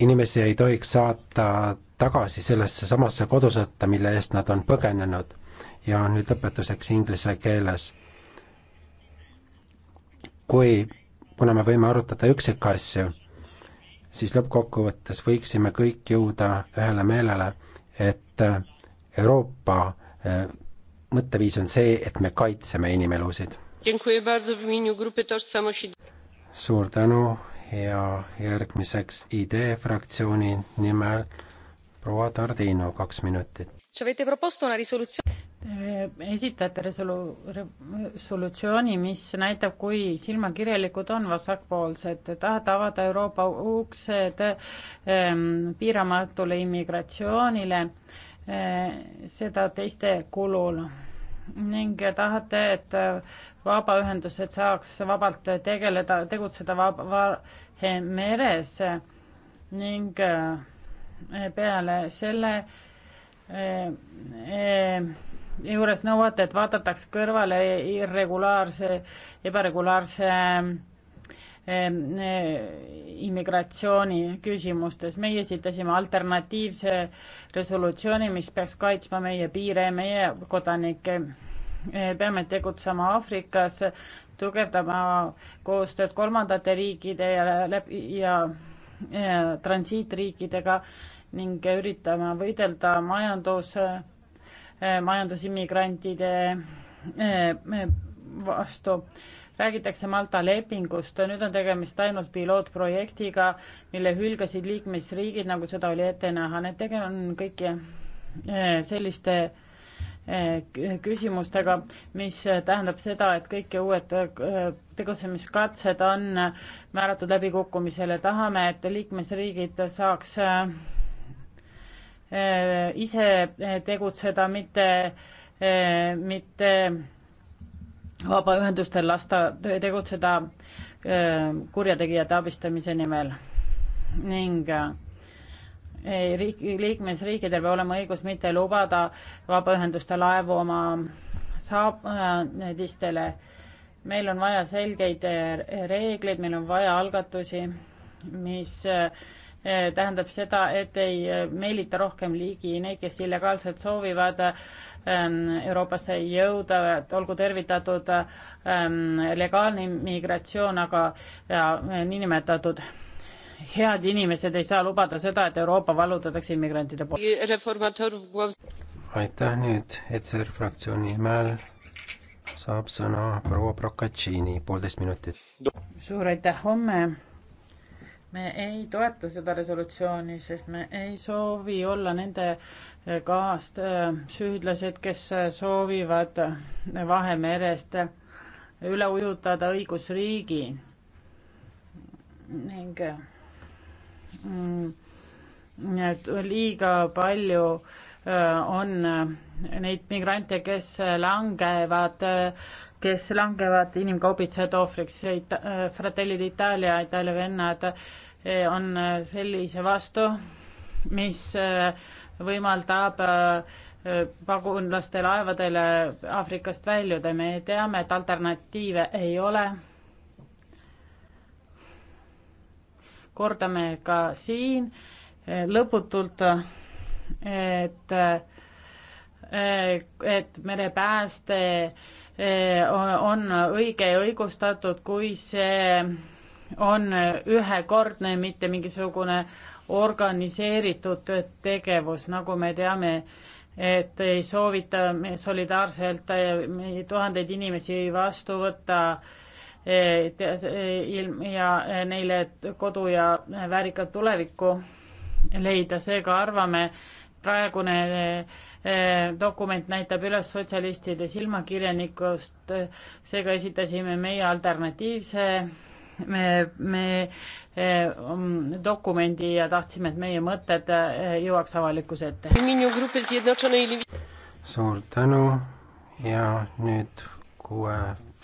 inimesi ei tohiks saata tagasi sellesse samasse kodusõtta, mille eest nad on põgenenud. ja nüüd lõpetuseks inglise keeles. kui, kuna me võime arutada üksikasju, siis lõppkokkuvõttes võiksime kõik jõuda ühele meelele, et Euroopa eh, mõtteviis on see, et me kaitseme inimelusid. suur tänu ja järgmiseks ID fraktsiooni nimel proua Tardino, kaks minutit. esitate resolu-, resolutsiooni, mis näitab, kui silmakirjalikud on vasakpoolsed, tahavad avada Euroopa uksed ähm, piiramatule immigratsioonile äh,, seda teiste kulul ning tahate, et äh, vabaühendused saaks vabalt tegeleda, tegutseda Vahemeres ning äh, peale selle e, e, juures nõuate, et vaadatakse kõrvale irregulaarse, ebaregulaarse immigratsiooni küsimustes. meie esitasime alternatiivse resolutsiooni, mis peaks kaitsma meie piire, meie kodanikke. E, peame tegutsema Aafrikas, tugevdama koostööd kolmandate riikide ja läbi ja, ja e, transiitriikidega ning üritama võidelda majandus, e, majandusimmigrantide vastu räägitakse Malta lepingust, nüüd on tegemist ainult pilootprojektiga, mille hülgasid liikmesriigid, nagu seda oli ette näha, need tege-, on kõik eh, selliste eh, küsimustega, mis tähendab seda, et kõik uued eh, tegutsemiskatsed on määratud läbikukkumisele, tahame, et liikmesriigid saaks ise tegutseda, mitte, mitte vabaühendustel lasta tegutseda ähm, kurjategijate abistamise nimel ning äh, riik, liikmesriikidel peab olema õigus mitte lubada vabaühenduste laevu oma saabadistele. Äh, meil on vaja selgeid äh, reegleid, meil on vaja algatusi, mis tähendab seda, et ei meelita rohkem ligi neid, kes illegaalselt soovivad Ähm, Euroopasse jõuda, et olgu tervitatud ähm, legaalne immigratsioon, aga äh, niinimetatud head inimesed ei saa lubada seda, et Euroopa vallutatakse immigrantide poolt. aitäh nüüd, ETSER fraktsiooni nimel saab sõna proua Procaccini, poolteist minutit. suur aitäh, homme me ei toeta seda resolutsiooni, sest me ei soovi olla nende kaassüüdlased, äh, kes äh, soovivad Vahemerest üle ujutada õigusriigi ning mm, et liiga palju äh, on neid migrante, kes langevad kes langevad inimkaubitsejate ohvriks, äh, Fratelli d'Italia, Itaalia vennad äh, on äh, sellise vastu, mis võimaldab pagunlaste laevadel Aafrikast väljuda, me teame, et alternatiive ei ole. kordame ka siin lõputult, et, et merepääste on õige ja õigustatud, kui see on ühekordne, mitte mingisugune organiseeritud tegevus, nagu me teame, et ei soovita solidaarselt tuhandeid inimesi vastu võtta ja neile kodu ja väärikat tulevikku leida, seega arvame, praegune eh, eh, dokument näitab üles sotsialistide silmakirjanikkust, seega esitasime meie alternatiivse me, me eh, um, dokumendi ja tahtsime, et meie mõtted jõuaks avalikkuse ette. suur tänu ja nüüd kuue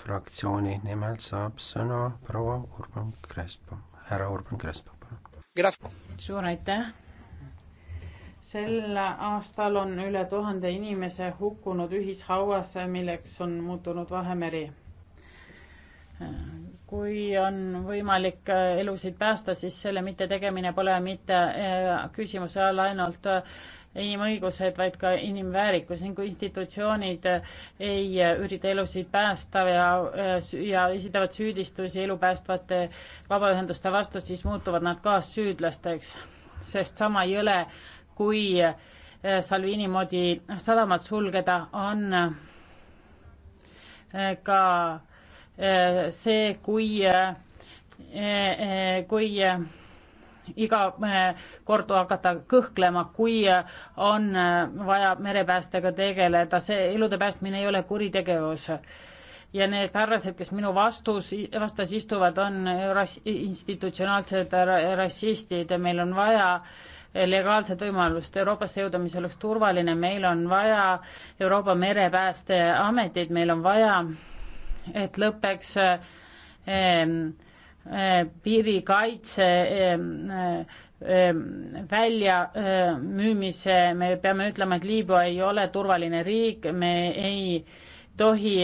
fraktsiooni nimel saab sõna proua Urban Crespo, härra Urban Crespo, palun. suur aitäh sel aastal on üle tuhande inimese hukkunud ühishauas, milleks on muutunud Vahemeri. kui on võimalik elusid päästa, siis selle mittetegemine pole mitte eh, küsimuse all ainult inimõigused, vaid ka inimväärikus ning kui institutsioonid ei ürita elusid päästa ja, eh, ja esitavad süüdistusi elu päästvate vabaühenduste vastu, siis muutuvad nad kaassüüdlasteks, sest sama jõle kui äh, Salvini moodi sadamad sulgeda, on äh, ka äh, see, kui, kui iga kord hakata kõhklema, kui on vaja merepäästega tegeleda, see elude päästmine ei ole kuritegevus. ja need härrased, kes minu vastus, vastas istuvad, on ras-, institutsionaalsed rassistid ja meil on vaja äh, legaalset võimalust Euroopasse jõuda, mis oleks turvaline, meil on vaja Euroopa merepäästeametit, meil on vaja, et lõpeks ehm, ehm, piirikaitse ehm, väljamüümise, me peame ütlema, et Liibüa ei ole turvaline riik, me ei tohi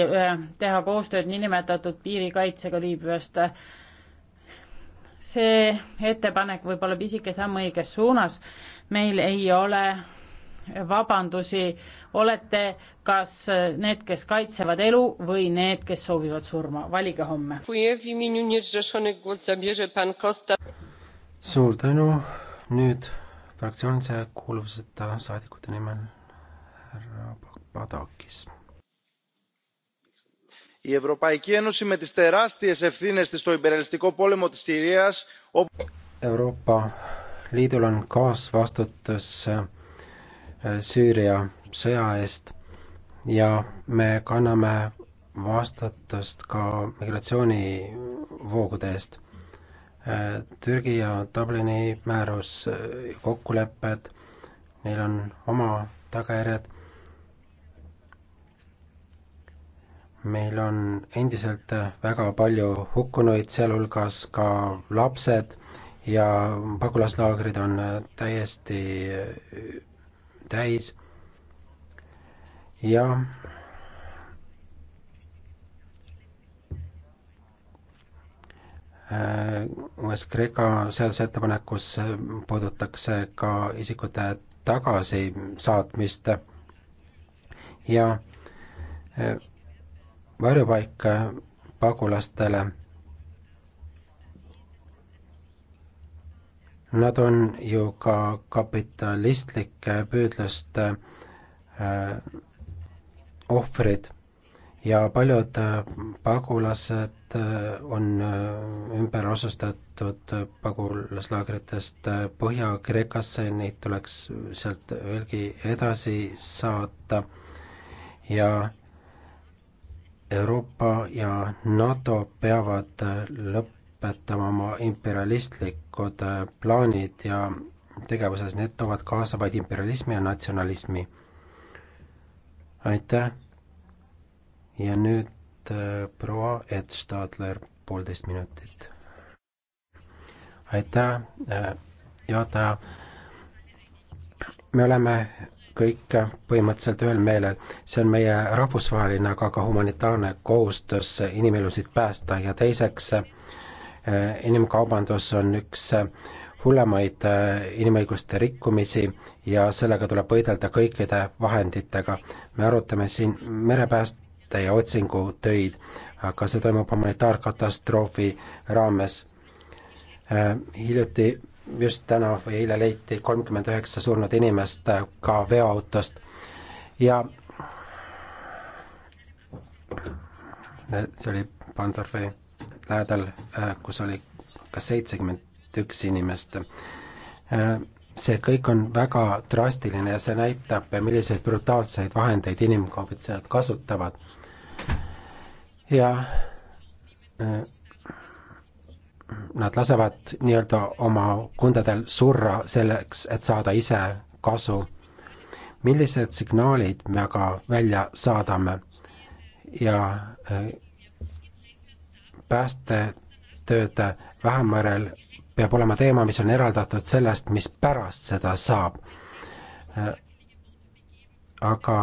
teha koostööd niinimetatud piirikaitsega Liibüast see ettepanek võib olla pisike samm õiges suunas, meil ei ole vabandusi, olete kas need, kes kaitsevad elu või need, kes soovivad surma, valige homme. suur tänu, nüüd fraktsioonise kuuluvuseta saadikute nimel härra Padakis η ευρωπαϊκή ένωση με τις τεράστιες ευθύνες της στο υπερελιστικό πόλεμο της Συρίας Euroopa Liidul on kaasvastutus äh, Süüria sõja eest ja me kanname vastutust ka migratsioonivoogude eest. Äh, Türgi ja Dublini määrus, äh, kokkulepped, neil on oma tagajärjed meil on endiselt väga palju hukkunuid, sealhulgas ka lapsed ja pagulaslaagrid on täiesti täis. ja uues Kreeka seadusettepanekus puudutakse ka isikute tagasisaatmist ja varjupaika pagulastele. Nad on ju ka kapitalistlike püüdluste äh, ohvrid ja paljud äh, pagulased äh, on ümber asustatud pagulaslaagritest Põhja-Kreekasse, neid tuleks sealt veelgi edasi saata ja Euroopa ja NATO peavad lõpetama oma imperialistlikud äh, plaanid ja tegevuses, need toovad kaasa vaid imperialismi ja natsionalismi. aitäh. ja nüüd äh, proua Ed Stadler, poolteist minutit. aitäh, äh, juhataja. me oleme kõik põhimõtteliselt ühel meelel. see on meie rahvusvaheline, aga ka humanitaarne kohustus inimelusid päästa ja teiseks eh, inimkaubandus on üks eh, hullemaid eh, inimõiguste rikkumisi ja sellega tuleb võidelda kõikide vahenditega. me arutame siin merepääste ja otsingutöid, aga see toimub humanitaarkatastroofi raames. hiljuti just täna või eile leiti kolmkümmend üheksa surnud inimest ka veoautost ja see oli Pandorfi lähedal, äh, kus oli ka seitsekümmend üks inimest. Äh, see kõik on väga drastiline ja see näitab, milliseid brutaalseid vahendeid inimkaubitsejad kasutavad. ja äh, nad lasevad nii-öelda oma kundadel surra selleks, et saada ise kasu. millised signaalid me aga välja saadame ja äh, päästetööde Vähemerel peab olema teema, mis on eraldatud sellest, mis pärast seda saab. Äh, aga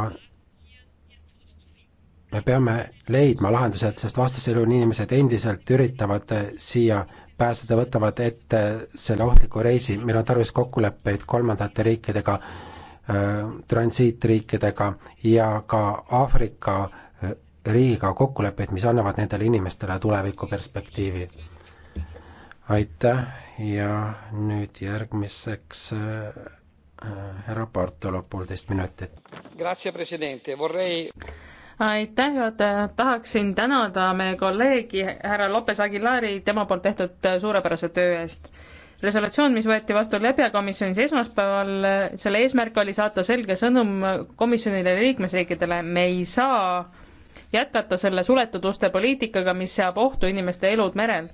me peame leidma lahendused, sest vastasel juhul inimesed endiselt üritavad eh, siia pääseda, võtavad ette eh, selle ohtliku reisi, meil on tarvis kokkuleppeid kolmandate riikidega, eh, transiitriikidega ja ka Aafrika riigiga kokkuleppeid, mis annavad nendele inimestele tulevikuperspektiivi. aitäh ja nüüd järgmiseks härra Bartolo, poolteist minutit. Vorrei aitäh, juhataja, tahaksin tänada meie kolleegi härra Lopes Aguilari tema poolt tehtud äh, suurepärase töö eest resolutsioon, mis võeti vastu Lebja komisjonis esmaspäeval, äh, selle eesmärk oli saata selge sõnum komisjonile ja liikmesriikidele, me ei saa jätkata selle suletud uste poliitikaga, mis seab ohtu inimeste elud merel.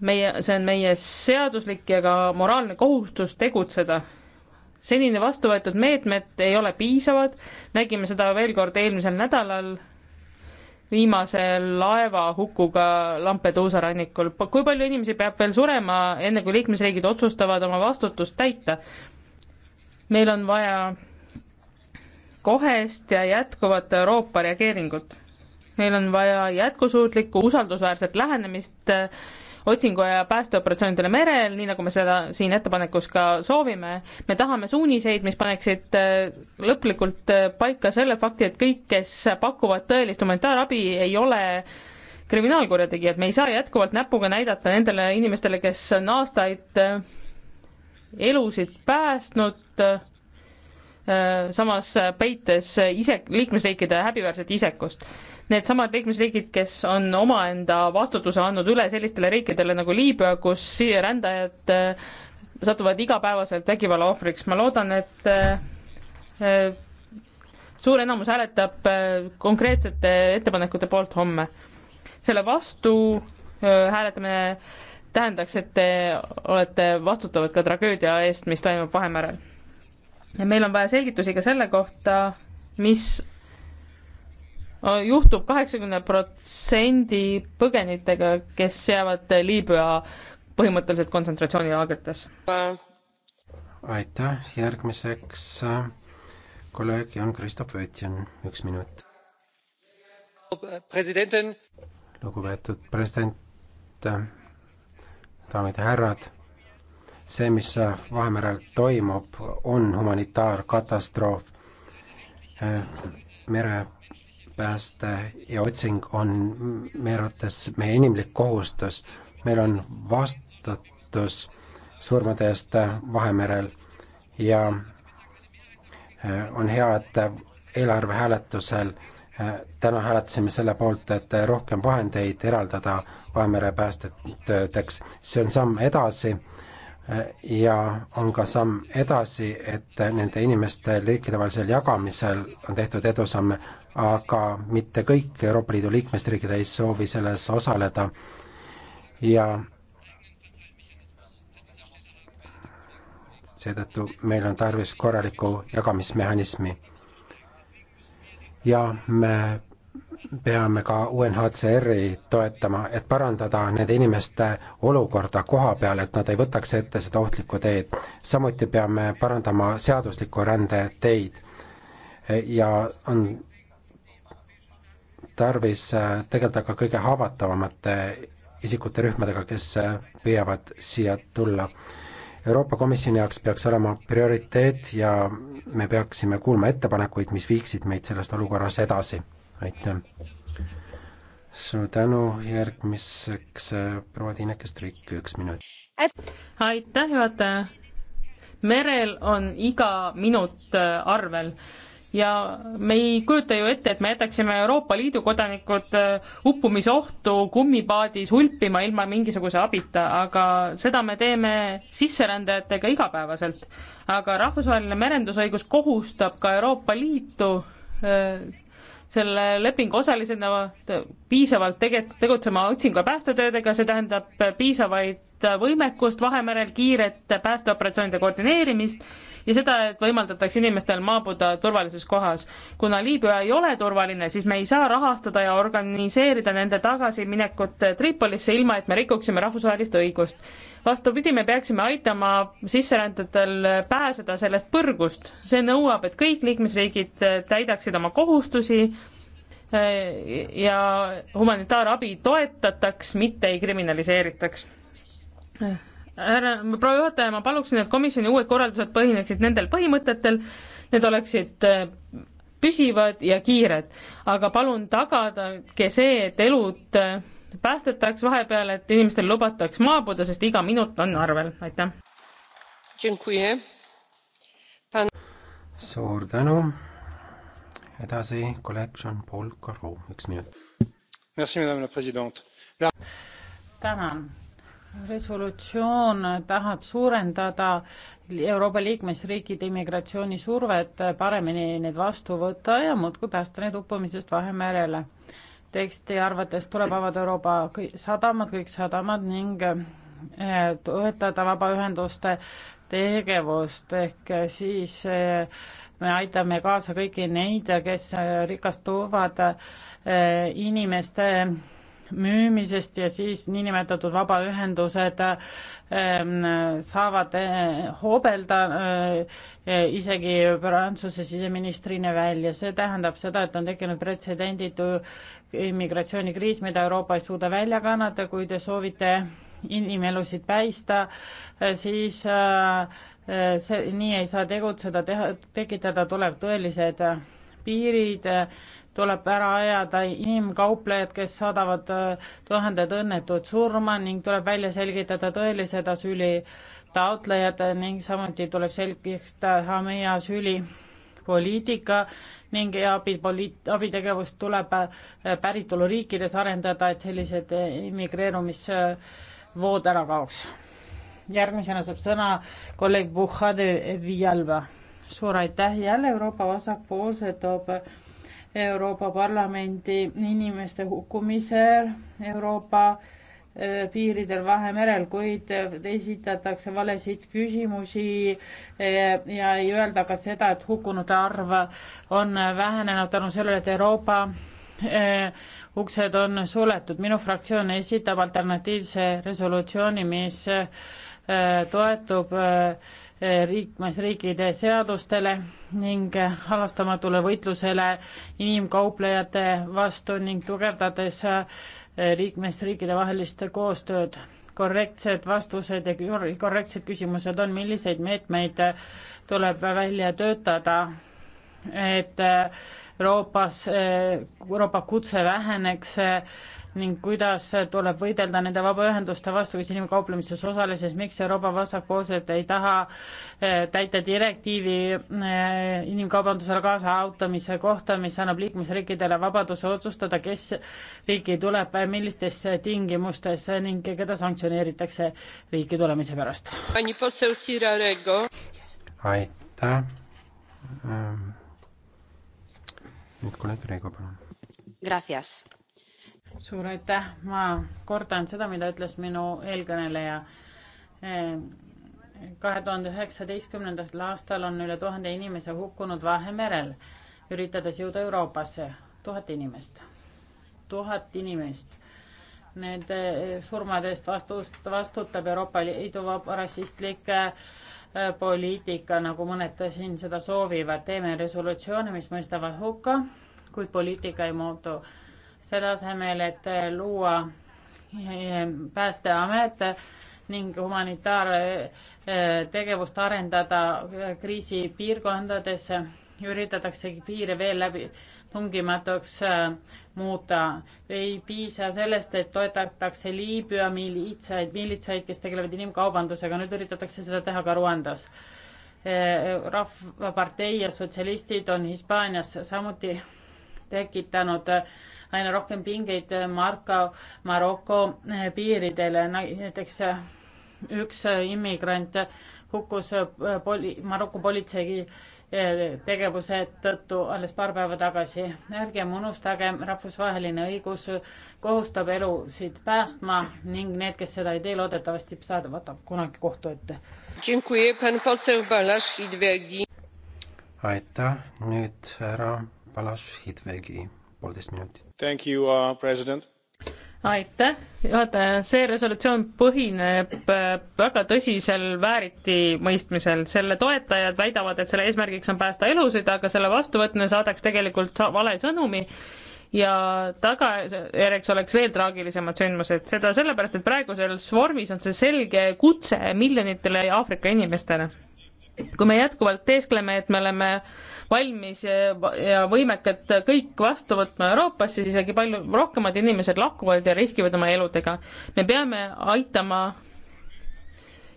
meie, see on meie seaduslik ja ka moraalne kohustus tegutseda senini vastu võetud meetmed ei ole piisavad, nägime seda veel kord eelmisel nädalal viimase laevahukuga Lampeduusa rannikul. kui palju inimesi peab veel surema, enne kui liikmesriigid otsustavad oma vastutust täita? meil on vaja kohest ja jätkuvat Euroopa reageeringut. meil on vaja jätkusuutlikku usaldusväärset lähenemist äh, otsingu- ja päästeoperatsioonidele merel, nii nagu me seda siin ettepanekus ka soovime. me tahame suuniseid, mis paneksid äh, lõplikult äh, paika selle fakti, et kõik, kes pakuvad tõelist humanitaarabi, ei ole kriminaalkurjategijad, me ei saa jätkuvalt näpuga näidata nendele inimestele, kes on aastaid äh, elusid päästnud, samas peites ise, liikmesriikide häbiväärset isekust needsamad liikmesriigid, kes on omaenda vastutuse andnud üle sellistele riikidele nagu Liibüa, kus siia rändajad eh, satuvad igapäevaselt vägivalla ohvriks. ma loodan, et eh, eh, suur enamus hääletab konkreetsete ettepanekute poolt homme. selle vastu hääletamine tähendaks, et te olete vastutavad ka tragöödia eest, mis toimub Vahemerel. meil on vaja selgitusi ka selle kohta, mis Äh, juhtub kaheksakümne protsendi põgenitega, kes jäävad Liibüa põhimõtteliselt kontsentratsioonilaagrites. aitäh, järgmiseks äh, kolleeg Jan-Kristof Vötjan, üks minut. lugupeetud president, äh, daamid ja härrad, see, mis Vahemerel toimub, on humanitaarkatastroof mere pääste ja otsing on meie arvates meie inimlik kohustus. meil on vastutus surmade eest Vahemerel ja eh, on hea, et eelarve hääletusel eh, täna hääletasime selle poolt, et rohkem vahendeid eraldada Vahemere päästeteks. see on samm edasi ja on ka samm edasi, et nende inimeste riikidevahelisel jagamisel on tehtud edusamme, aga mitte kõik Euroopa Liidu liikmesriigid ei soovi selles osaleda ja seetõttu meil on tarvis korralikku jagamismehhanismi. ja me peame ka UNHCR-i toetama, et parandada nende inimeste olukorda koha peal, et nad ei võtaks ette seda ohtlikku teed. samuti peame parandama seadusliku rände teid ja on tarvis äh, tegeleda ka kõige haavatavamate isikute rühmadega, kes äh, püüavad siia tulla. Euroopa Komisjoni jaoks peaks olema prioriteet ja me peaksime kuulma ettepanekuid, mis viiksid meid sellest olukorras edasi aitäh. suur tänu, järgmiseks äh, proua Tiina Kestrik, üks minut. aitäh, juhataja. merel on iga minut äh, arvel ja me ei kujuta ju ette, et me jätaksime Euroopa Liidu kodanikud äh, uppumisohtu kummipaadis hulpima ilma mingisuguse abita, aga seda me teeme sisserändajatega igapäevaselt. aga rahvusvaheline merendusõigus kohustab ka Euroopa Liitu selle lepingu osalisena piisavalt tege-, tegutsema otsingu- ja päästetöödega, see tähendab piisavaid võimekust Vahemerel, kiiret päästeoperatsioonide koordineerimist ja seda, et võimaldatakse inimestel maabuda turvalises kohas. kuna Liibüa ei ole turvaline, siis me ei saa rahastada ja organiseerida nende tagasiminekut Tripolisse, ilma et me rikuksime rahvusvahelist õigust vastupidi, me peaksime aitama sisserändajatel pääseda sellest põrgust. see nõuab, et kõik liikmesriigid täidaksid oma kohustusi eh, ja humanitaarabi toetataks, mitte ei kriminaliseeritaks. härra proua juhataja, ma paluksin, et komisjoni uued korraldused põhineksid nendel põhimõtetel, need oleksid eh, püsivad ja kiired, aga palun tagadage see, et elud eh, päästetaks vahepeal, et inimestel lubataks maabuda, sest iga minut on arvel, aitäh. suur tänu. edasi kolleeg Jean-Paul Carreau, üks minut. tänan resolutsioon tahab suurendada Euroopa liikmesriikide immigratsioonisurvet, paremini neid vastu võtta ja muudkui päästa need uppumisest Vahemerele teksti arvates tuleb avada Euroopa sadamad, kõik sadamad ning toetada eh, vabaühenduste tegevust, ehk eh, siis eh, me aitame kaasa kõiki neid, kes rikastuvad inimeste müümisest ja siis niinimetatud vabaühendused ähm, saavad hobelda äh, äh, äh, isegi Prantsuse siseministrina välja. see tähendab seda, et on tekkinud pretsedenditu immigratsioonikriis, mida Euroopa ei suuda välja kannata, kui te soovite inimelusid päästa, siis see, nii ei saa tegutseda, teha, tekitada tuleb tõelised piirid tuleb ära ajada inimkauplejad, kes saadavad äh, tuhanded õnnetud surma ning tuleb välja selgitada tõelised asüüli taotlejad ning samuti tuleb selgeks teha meie asüüli poliitika ning abipoliit-, abitegevust tuleb äh, päritoluriikides arendada, et sellised äh, immigreerumisvood ära kaoks. järgmisena saab sõna kolleeg Buhhade Vialba. suur aitäh, jälle Euroopa vasakpoolse toob Euroopa Parlamendi inimeste hukkumise Euroopa äh, piiridel Vahemerel, kuid esitatakse valesid küsimusi äh, ja ei öelda ka seda, et hukkunute arv on vähenenud tänu sellele, et Euroopa äh, uksed on suletud. minu fraktsioon esitab alternatiivse resolutsiooni, mis toetub liikmesriikide seadustele ning halastamatule võitlusele inimkauplejate vastu ning tugevdades äh, liikmesriikide vahelist koostööd. korrektsed vastused ja korrektsed küsimused on, milliseid meetmeid äh, tuleb välja töötada, et äh, Euroopas, Euroopa kutse väheneks ning kuidas tuleb võidelda nende vabaühenduste vastu, kes inimkauplemises osalesid, miks Euroopa vasakpoolsed ei taha eh, täita direktiivi eh, inimkaubandusele kaasaautamise kohta, mis annab liikmesriikidele vabaduse otsustada, kes riiki tuleb, millistes tingimustes ning keda sanktsioneeritakse riiki tulemise pärast. aitäh. Ehm, nüüd kolleeg Reigo, palun. Gracias suur aitäh, ma kordan seda, mida ütles minu eelkõneleja. Eh, kahe tuhande üheksateistkümnendal aastal on üle tuhande inimese hukkunud Vahemerel, üritades jõuda Euroopasse, tuhat inimest, tuhat inimest. Nende eh, surmade eest vastust, vastutab Euroopa Liidu rassistlik eh, poliitika, nagu mõned siin seda soovivad, teeme resolutsioone, mis mõistavad hukka, kuid poliitika ei muutu selle asemel, et luua eh, päästeamet ning humanitaartegevust arendada kriisipiirkondades, üritataksegi piire veel läbi tungimatuks eh, muuta. ei piisa sellest, et toetatakse Liibüa miilitsaid, miilitsaid, kes tegelevad inimkaubandusega, nüüd üritatakse seda teha ka Ruandas. Eh, rahvapartei ja sotsialistid on Hispaanias samuti tekitanud aina rohkem pingeid Marko, Maroko piiridele, näiteks üks immigrant hukkus poli-, Maroko politsei tegevuse tõttu alles paar päeva tagasi. ärgem unustagem, rahvusvaheline õigus kohustab elusid päästma ning need, kes seda ei tee, loodetavasti saavad kunagi kohtu ette. aitäh, nüüd härra Balaš Hidvegi, poolteist minutit uh, president. aitäh, juhataja, see resolutsioon põhineb äh, väga tõsisel vääritimõistmisel, selle toetajad väidavad, et selle eesmärgiks on päästa elusid, aga selle vastuvõtmine saadaks tegelikult vale sõnumi ja tagajärjeks oleks veel traagilisemad sündmused, seda sellepärast, et praeguses vormis on see selge kutse miljonitele Aafrika inimestele. kui me jätkuvalt teeskleme, et me oleme äh, valmis ja võimekad kõik vastu võtma Euroopasse, siis isegi palju rohkemad inimesed lahkuvad ja riskivad oma eludega. me peame aitama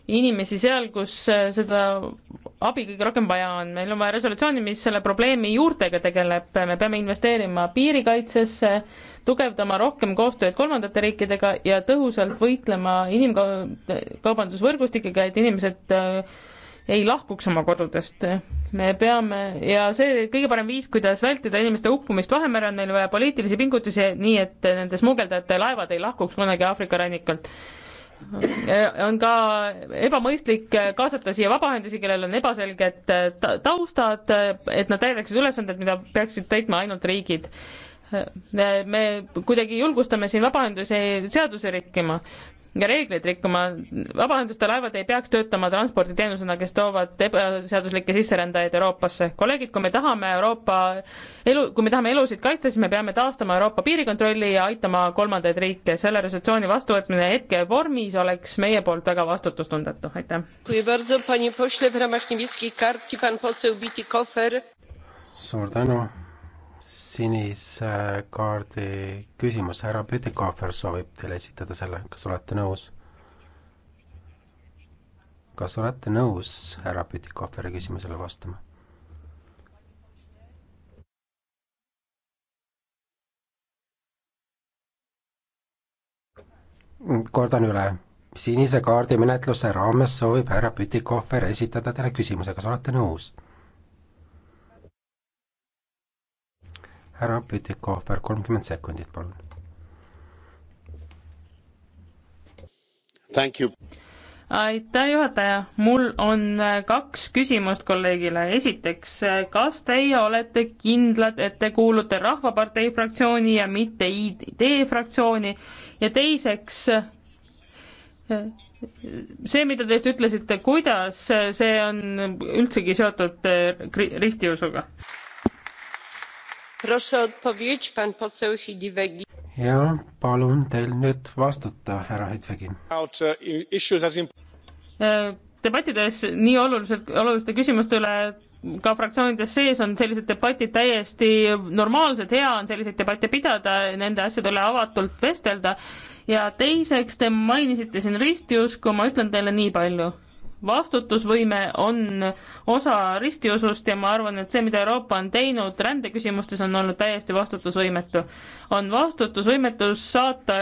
inimesi seal, kus äh, seda abi kõige rohkem vaja on. meil on vaja resolutsiooni, mis selle probleemi juurtega tegeleb, me peame investeerima piirikaitsesse, tugevdama rohkem koostööd kolmandate riikidega ja tõhusalt võitlema inimkaubandusvõrgustikega, et inimesed äh, ei lahkuks oma kodudest. me peame ja see kõige parem viis, kuidas vältida inimeste hukkumist Vahemere, on meil vaja poliitilisi pingutusi, nii et nende smugeldajate laevad ei lahkuks kunagi Aafrika rannikult. on ka ebamõistlik kaasata siia vabaühendusi, kellel on ebaselged taustad, et nad täidaksid ülesanded, mida peaksid täitma ainult riigid me kuidagi julgustame siin vabaühendusi seaduse rikkima ja reegleid rikkuma. vabaühenduste laevad ei peaks töötama transporditeenusena, kes toovad ebaseaduslikke sisserändajaid Euroopasse. kolleegid, kui me tahame Euroopa elu, kui me tahame elusid kaitsta, siis me peame taastama Euroopa piirikontrolli ja aitama kolmandaid riike. selle resolutsiooni vastuvõtmine hetke vormis oleks meie poolt väga vastutustundetu. aitäh. suur tänu sinise kaardi küsimus, härra Pütikofer soovib teile esitada selle, kas olete nõus? kas olete nõus härra Pütikoferi küsimusele vastama? kordan üle, sinise kaardi menetluse raames soovib härra Pütikofer esitada teile küsimuse, kas olete nõus? härra Pütikofer, kolmkümmend sekundit, palun. aitäh, juhataja. mul on äh, kaks küsimust kolleegile. esiteks, äh, kas teie olete kindlad, et te kuulute Rahvapartei fraktsiooni ja mitte ID fraktsiooni ja teiseks, äh, see, mida te just ütlesite, kuidas see on üldsegi seotud ristiusuga? ja palun teil nüüd vastata, härra Hedvegi uh, äh, debattides nii oluliselt, oluliste küsimuste üle ka fraktsioonides sees on sellised debatid täiesti normaalsed, hea on selliseid debatte pidada, nende asjade üle avatult vestelda. ja teiseks, te mainisite siin ristiusku, ma ütlen teile nii palju vastutusvõime on osa ristiusust ja ma arvan, et see, mida Euroopa on teinud rändeküsimustes, on olnud täiesti vastutusvõimetu. on vastutusvõimetus saata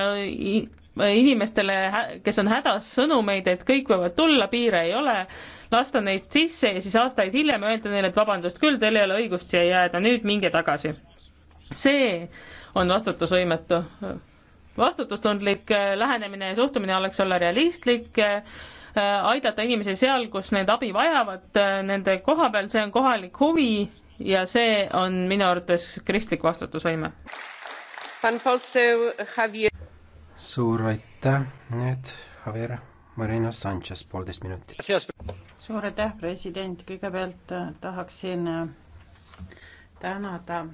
inimestele, kes on hädas, sõnumeid, et kõik võivad tulla, piire ei ole, lasta neid sisse ja siis aastaid hiljem öelda neile, et vabandust küll, teil ei ole õigust siia jääda, nüüd minge tagasi. see on vastutusvõimetu vastutustundlik äh, lähenemine ja suhtumine oleks olla realistlik äh, Äh, aidata inimesi seal, kus need abi vajavad, äh, nende koha peal, see on kohalik huvi ja see on minu arvates kristlik vastutusvõime. suur aitäh, nüüd Javier Moreno Sanchez, poolteist minutit. suur aitäh, president, kõigepealt äh, tahaksin tänada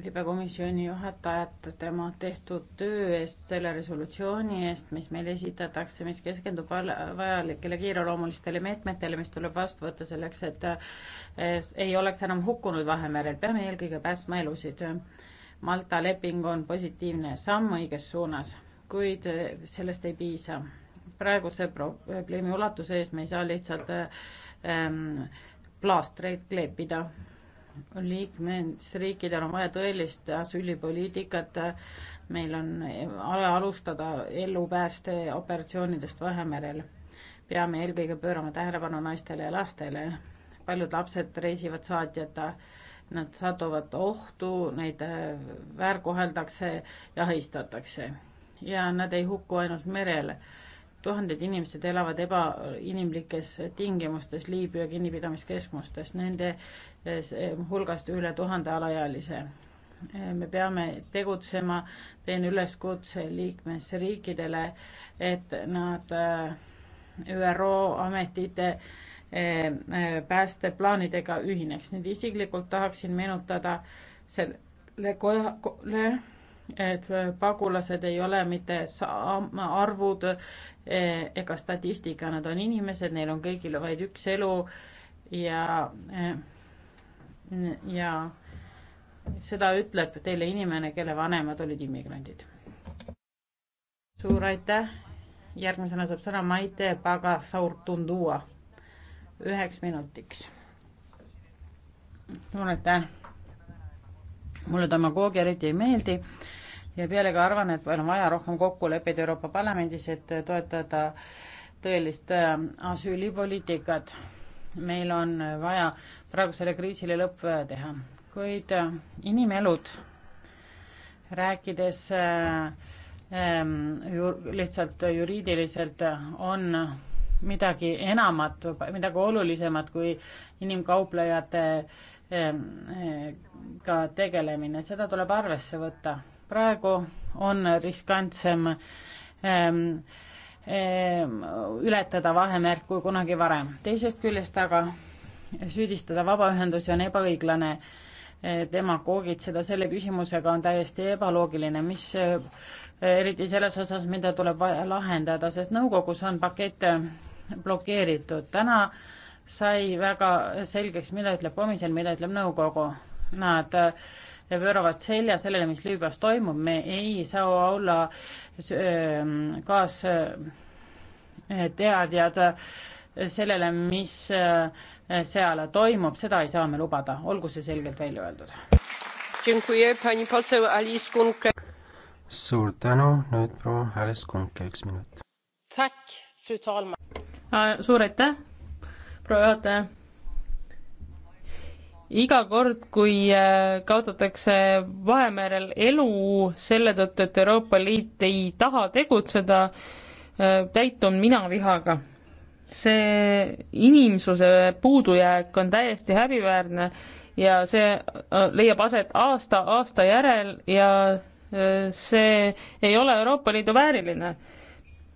libekomisjoni juhatajat tema tehtud töö eest, selle resolutsiooni eest, mis meile esitatakse, mis keskendub vajalikele kiireloomulistele meetmetele, mis tuleb vastu võtta selleks, et ei oleks enam hukkunud Vahemerel, peame eelkõige päästma elusid. Malta leping on positiivne samm õiges suunas, kuid sellest ei piisa. praeguse probleemi ulatuse eest me ei saa lihtsalt ähm, plaastreid kleepida liikmesriikidel on vaja tõelist asüülipoliitikat, meil on ala alustada ellupäästeoperatsioonidest Vahemerel. peame eelkõige pöörama tähelepanu naistele ja lastele. paljud lapsed reisivad saatjata, nad satuvad ohtu, neid äh, väärkoheldakse ja ahistatakse ja nad ei huku ainult merel tuhanded inimesed elavad ebainimlikes tingimustes Liibüa kinnipidamiskeskustes, nende eh, eh, hulgast üle tuhande alaealise. Eh, me peame tegutsema, teen üleskutse liikmesriikidele, et nad ÜRO ametite päästeplaanidega ühineks. nüüd isiklikult tahaksin meenutada selle koja- et pagulased ei ole mitte arvud e, ega statistika, nad on inimesed, neil on kõigil vaid üks elu ja, e, ja seda ütleb teile inimene, kelle vanemad olid immigrandid. suur aitäh, järgmisena saab sõna Maite Pagasaur-Tundua üheks minutiks. suur aitäh, mulle demagoogia eriti ei meeldi ja pealegi arvan, et meil on vaja rohkem kokkuleppeid Euroopa Parlamendis, et toetada tõelist äh, asüülipoliitikat. meil on vaja praegusele kriisile lõpp teha, kuid äh, inimelud, rääkides äh, ähm, lihtsalt juriidiliselt, on midagi enamat, midagi olulisemat kui inimkauplejate ähm, ka tegelemine, seda tuleb arvesse võtta praegu on riskantsem ähm, ähm, ületada vahemärk kui kunagi varem. teisest küljest aga süüdistada vabaühendusi on ebaõiglane äh, demagoogid seda selle küsimusega on täiesti ebaloogiline, mis äh, eriti selles osas, mida tuleb lahendada, sest nõukogus on pakett äh, blokeeritud. täna sai väga selgeks, mida ütleb komisjon, mida ütleb nõukogu. Nad äh, ja pööravad selja sellele, mis Liibüas toimub, me ei saa olla ähm, kaasteadjad äh, äh, sellele, mis äh, seal toimub, seda ei saa me lubada, olgu see selgelt välja öeldud. suur tänu, nüüd proua Alice Kunke, üks minut. suur aitäh, proua juhataja iga kord, kui äh, kaotatakse Vahemerel elu selle tõttu, et Euroopa Liit ei taha tegutseda, äh, täitun mina vihaga. see inimsuse puudujääk on täiesti häbiväärne ja see äh, leiab aset aasta aasta järel ja see ei ole Euroopa Liidu vääriline.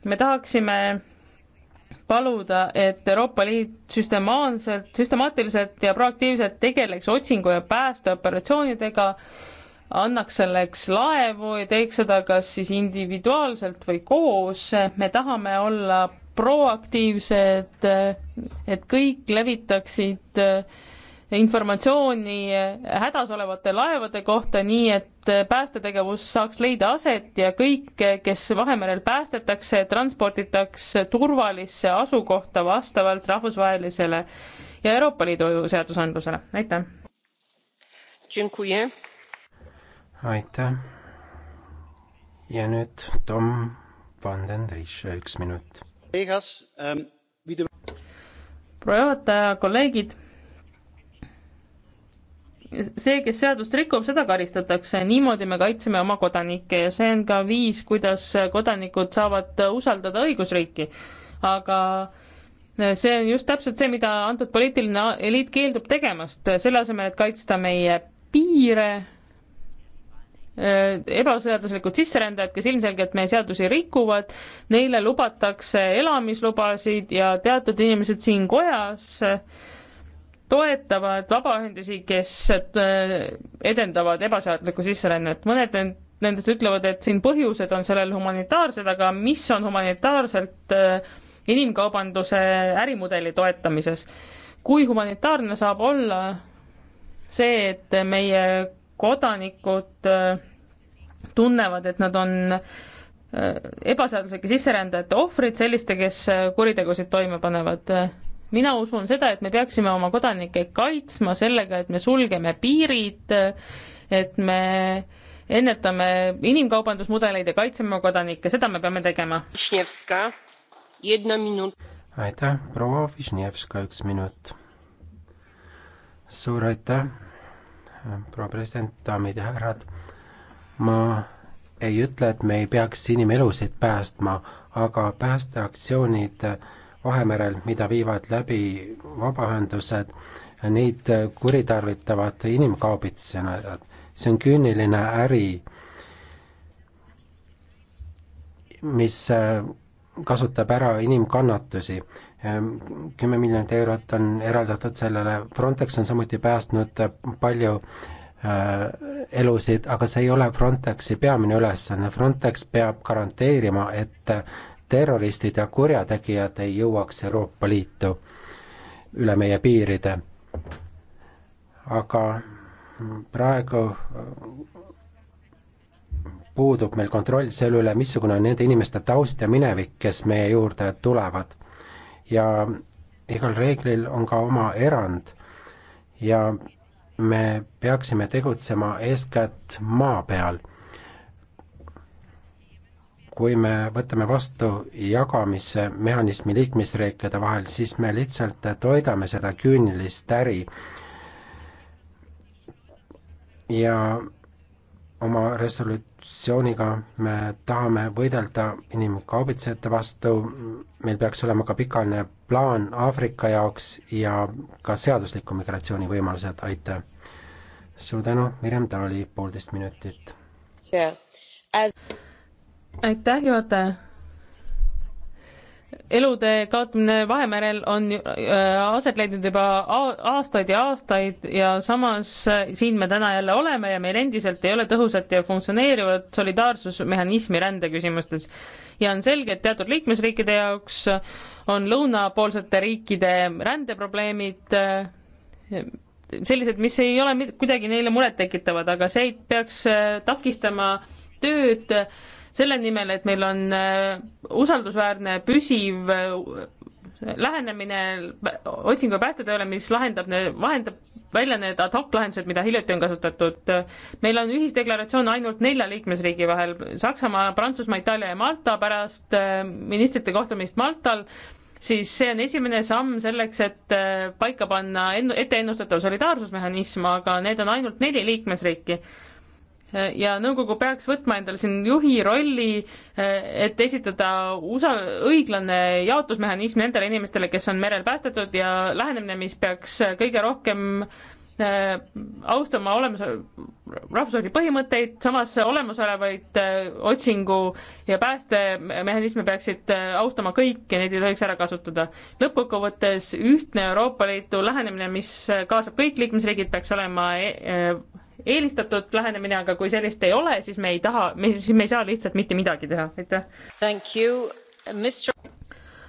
me tahaksime paluda, et Euroopa Liit süstemaanselt, süstemaatiliselt ja proaktiivselt tegeleks otsingu- ja päästeoperatsioonidega, annaks selleks laevu ja teeks seda kas siis individuaalselt või koos, me tahame olla proaktiivsed, et kõik levitaksid äh, informatsiooni hädas olevate laevade kohta, nii et päästetegevus saaks leida aset ja kõik, kes Vahemerel päästetakse, transporditakse turvalisse asukohta vastavalt rahvusvahelisele ja Euroopa Liidu seadusandlusele. aitäh! aitäh! ja nüüd Tom van den Riche, üks minut. Ähm, proua juhataja, kolleegid see, kes seadust rikub, seda karistatakse, niimoodi me kaitseme oma kodanikke ja see on ka viis, kuidas kodanikud saavad usaldada õigusriiki. aga see on just täpselt see, mida antud poliitiline eliit keeldub tegemast, selle asemel, et kaitsta meie piire, ebaseaduslikud sisserändajad, kes ilmselgelt meie seadusi rikuvad, neile lubatakse elamislubasid ja teatud inimesed siin kojas äh, toetavad vabaühendusi, kes äh, edendavad ebaseaduslikku sisserännet. mõned nendest ütlevad, et siin põhjused on sellel humanitaarsed, aga mis on humanitaarselt äh, inimkaubanduse ärimudeli toetamises. kui humanitaarne saab olla see, et meie kodanikud äh, tunnevad, et nad on ebaseaduslike sisserändajate ohvrid, selliste, kes kuritegusid toime panevad mina usun seda, et me peaksime oma kodanikke kaitsma sellega, et me sulgeme piirid, et me ennetame inimkaubandusmudeleid ja kaitseme kodanikke, seda me peame tegema. aitäh, proua Višnjevska, üks minut. suur aitäh, proua president, daamid ja härrad. ma ei ütle, et me ei peaks inimelusid päästma, aga päästeaktsioonid äh, Vahemerel, mida viivad läbi vabaühendused, neid kuritarvitavad inimkaubitsejad. see on küüniline äri, mis äh, kasutab ära inimkannatusi. Ähm, kümme miljonit eurot on eraldatud sellele, Frontex on samuti päästnud äh, palju äh, elusid, aga see ei ole Frontexi peamine ülesanne, Frontex peab garanteerima, et terroristid ja kurjategijad ei jõuaks Euroopa Liitu üle meie piiride. aga praegu puudub meil kontroll selle üle, missugune on nende inimeste taust ja minevik, kes meie juurde tulevad. ja igal reeglil on ka oma erand ja me peaksime tegutsema eeskätt maa peal kui me võtame vastu jagamise mehhanismi liikmesriikide vahel, siis me lihtsalt toidame seda küünilist äri. ja oma resolutsiooniga me tahame võidelda inimkaubitsejate vastu, meil peaks olema ka pikaajaline plaan Aafrika jaoks ja ka seadusliku migratsiooni võimalused, aitäh! suur tänu, Mirjam Taali, poolteist minutit yeah.. As aitäh, juhataja elude kaotamine Vahemerel on äh, aset leidnud juba aastaid ja aastaid ja samas äh, siin me täna jälle oleme ja meil endiselt ei ole tõhusat ja funktsioneerivat solidaarsusmehhanismi rändeküsimustes. ja on selge, et teatud liikmesriikide jaoks äh, on lõunapoolsete riikide rändeprobleemid sellised, mis ei ole kuidagi neile murettekitavad, aga see ei peaks takistama tööd selle nimel, et meil on äh, usaldusväärne püsiv äh, lähenemine äh, otsingu ja päästetööle, mis lahendab, vahendab välja need ad hoc lahendused, mida hiljuti on kasutatud. meil on ühisdeklaratsioon ainult nelja liikmesriigi vahel, Saksamaa, Prantsusmaa, Itaalia ja Malta pärast ministrite kohtumist Maltal, siis see on esimene samm selleks, et paika panna ette ennustatav solidaarsusmehhanism, aga need on ainult neli liikmesriiki ja nõukogu peaks võtma endale siin juhi rolli, et esitada usa-, õiglane jaotusmehhanism nendele inimestele, kes on merel päästetud ja lähenemine, mis peaks kõige rohkem äh, austama olemas, rahvusvahelisi põhimõtteid, samas olemasolevaid äh, otsingu ja päästemehhanisme peaksid äh, austama kõik ja neid ei tohiks ära kasutada. lõppkokkuvõttes ühtne Euroopa Liidu lähenemine, mis kaasab kõik liikmesriigid, peaks olema eelistatud lähenemine, aga kui sellist ei ole, siis me ei taha, siis me ei saa lihtsalt mitte midagi teha, aitäh.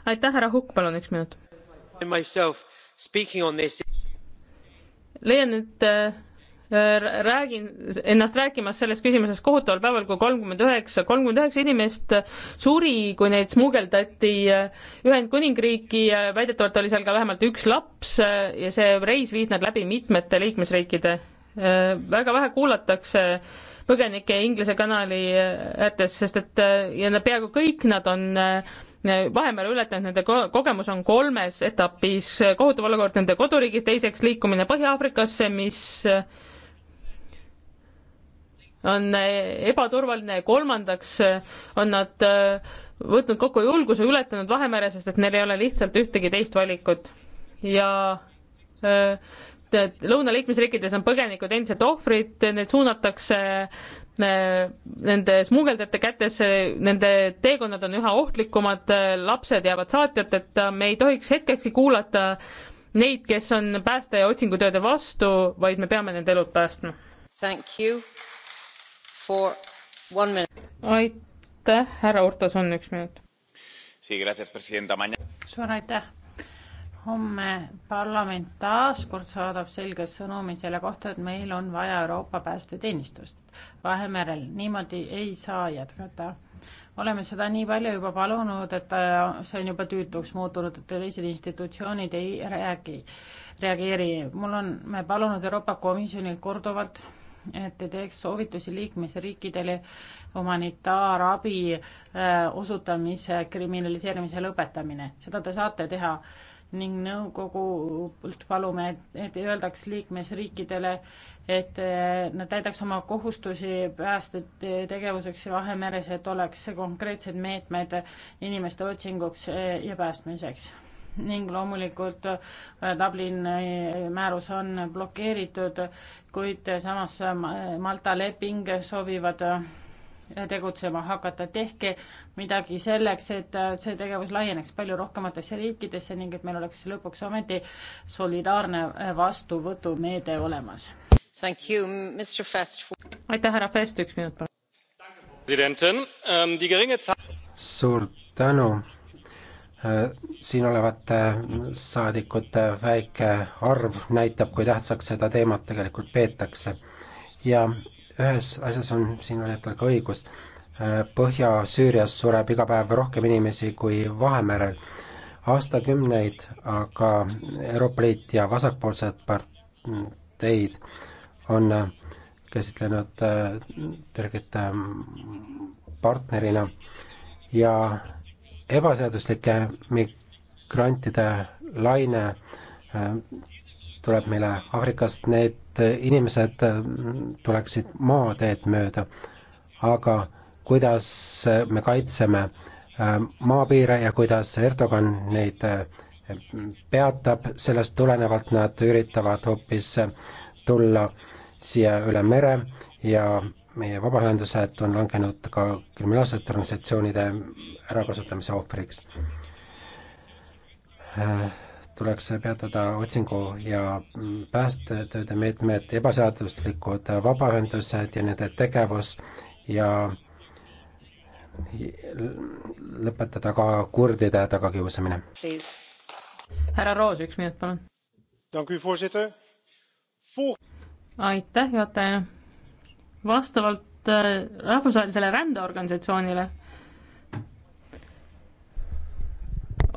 aitäh, härra Hukk, palun üks minut. leian, et äh, räägin ennast rääkimas selles küsimuses kohutaval päeval, kui kolmkümmend üheksa, kolmkümmend üheksa inimest suri, kui neid smugeldati äh, Ühendkuningriiki, väidetavalt oli seal ka vähemalt üks laps äh, ja see reis viis nad läbi mitmete liikmesriikide Äh, väga vähe kuulatakse põgenike Inglise kanali äh, äärtes, sest et äh, ja peaaegu kõik nad on Vahemere ületanud, nende ko kogemus on kolmes etapis kohutav olukord nende koduriigis, teiseks liikumine Põhja-Aafrikasse, mis on ebaturvaline ja kolmandaks on nad võtnud kokku julguse, ületanud Vahemere, sest et neil ei ole lihtsalt ühtegi teist valikut. ja lõuna liikmesriikides on põgenikud endiselt ohvrid, need suunatakse äh, nende smugeldajate kätesse, nende teekonnad on üha ohtlikumad, lapsed jäävad saatjateta, me ei tohiks hetkekski kuulata neid, kes on pääste- ja otsingutööde vastu, vaid me peame nende elud päästma. aitäh, härra Urtas, on üks minut. suur aitäh homme parlament taas kord saadab selge sõnumi selle kohta, et meil on vaja Euroopa päästeteenistust Vahemerel, niimoodi ei saa jätkata. oleme seda nii palju juba palunud, et äh, see on juba tüütuks muutunud, et teised institutsioonid ei räägi, reageeri. mul on, me palunud Euroopa Komisjonilt korduvalt et te teeks soovitusi liikmesriikidele humanitaarabi äh, osutamise kriminaliseerimise lõpetamine, seda te saate teha ning nõukogult palume, et öeldaks liikmesriikidele, et eh, nad täidaks oma kohustusi päästjate tegevuseks Vahemeres, et oleks konkreetsed meetmed inimeste otsinguks eh, ja päästmiseks. ning loomulikult eh, Dublini määrus on blokeeritud, kuid samas Malta leping soovivad tegutsema hakata, tehke midagi selleks, et äh, see tegevus laieneks palju rohkematesse riikidesse ning et meil oleks lõpuks ometi solidaarne äh, vastuvõtumeede olemas. aitäh, härra Fest, üks minut palun. Ähm, suur tänu äh, siin olevate saadikute väike arv näitab, kui tähtsaks seda teemat tegelikult peetakse. ja ühes asjas on siin valitajal ka õigus. Põhja-Süürias sureb iga päev rohkem inimesi kui Vahemerel. aastakümneid aga Euroopa Liit ja vasakpoolsed parteid on käsitlenud äh, Türgit äh, partnerina ja ebaseaduslike migrantide laine äh, tuleb meile Aafrikast, need et inimesed mm, tuleksid maateed mööda. aga kuidas me kaitseme äh, maapiire ja kuidas Erdogan neid äh, peatab, sellest tulenevalt nad üritavad hoopis äh, tulla siia üle mere ja meie vabaühendused on langenud ka kriminaalsete organisatsioonide ärakasutamise ohvriks tuleks peatada otsingu ja päästetööde meetmed, ebaseaduslikud vabaühendused ja nende tegevus ja lõpetada ka kurdide tagakiusamine. härra Roos, üks minut, palun. aitäh, juhataja. vastavalt äh, rahvusvahelisele rändeorganisatsioonile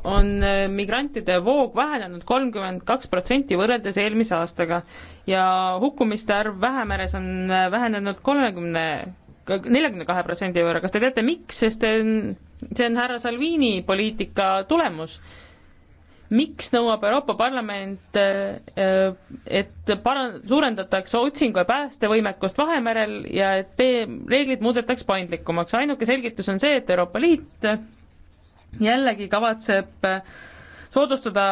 on äh, migrantide voog vähenenud kolmkümmend kaks protsenti võrreldes eelmise aastaga ja hukkumiste arv Vähemeres on äh, vähenenud kolmekümne, neljakümne kahe protsendi võrra. kas te teate, miks, sest äh, see on härra Salvini poliitika tulemus miks nõuab Euroopa Parlament, et para-, suurendatakse otsingu- ja päästevõimekust Vahemerel ja et reeglid muudetakse paindlikumaks. ainuke selgitus on see, et Euroopa Liit jällegi kavatseb soodustada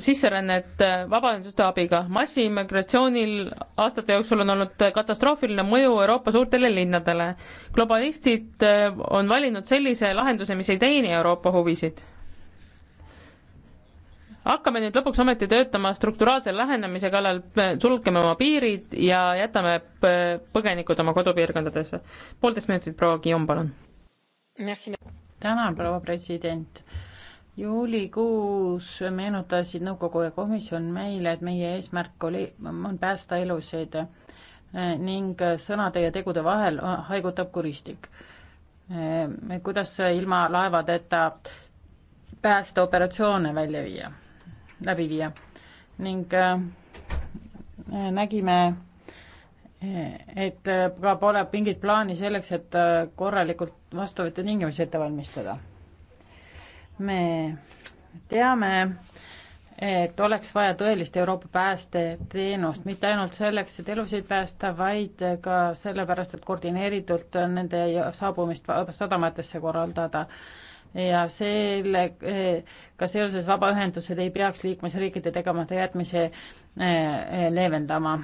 sisserännet vabaühenduste abiga. massiimmigratsioonil aastate jooksul on olnud katastroofiline mõju Euroopa suurtele linnadele. globalistid eh, on valinud sellise lahenduse, mis ei teeni Euroopa huvisid. hakkame nüüd lõpuks ometi töötama strukturaalse lähenemise kallal, sulgeme oma piirid ja jätame põgenikud oma kodupiirkondadesse. poolteist minutit, proua Guillaume, palun tänan, proua president. juulikuus meenutasid nõukogu ja komisjon meile, et meie eesmärk oli, on päästa elusid eh, ning sõnade ja tegude vahel eh, haigutab kuristik. Eh, kuidas ilma laevadeta päästeoperatsioone välja viia, läbi viia ning nägime et äh, ka pole mingit plaani selleks, et äh, korralikult vastuvõtja tingimusi ette valmistada. me teame, et oleks vaja tõelist Euroopa päästeteenust, mitte ainult selleks, et elusid päästa, vaid ka sellepärast, et koordineeritult nende saabumist sadamatesse korraldada. ja sellega äh, seoses vabaühendused ei peaks liikmesriikide tegemata jätmise leevendama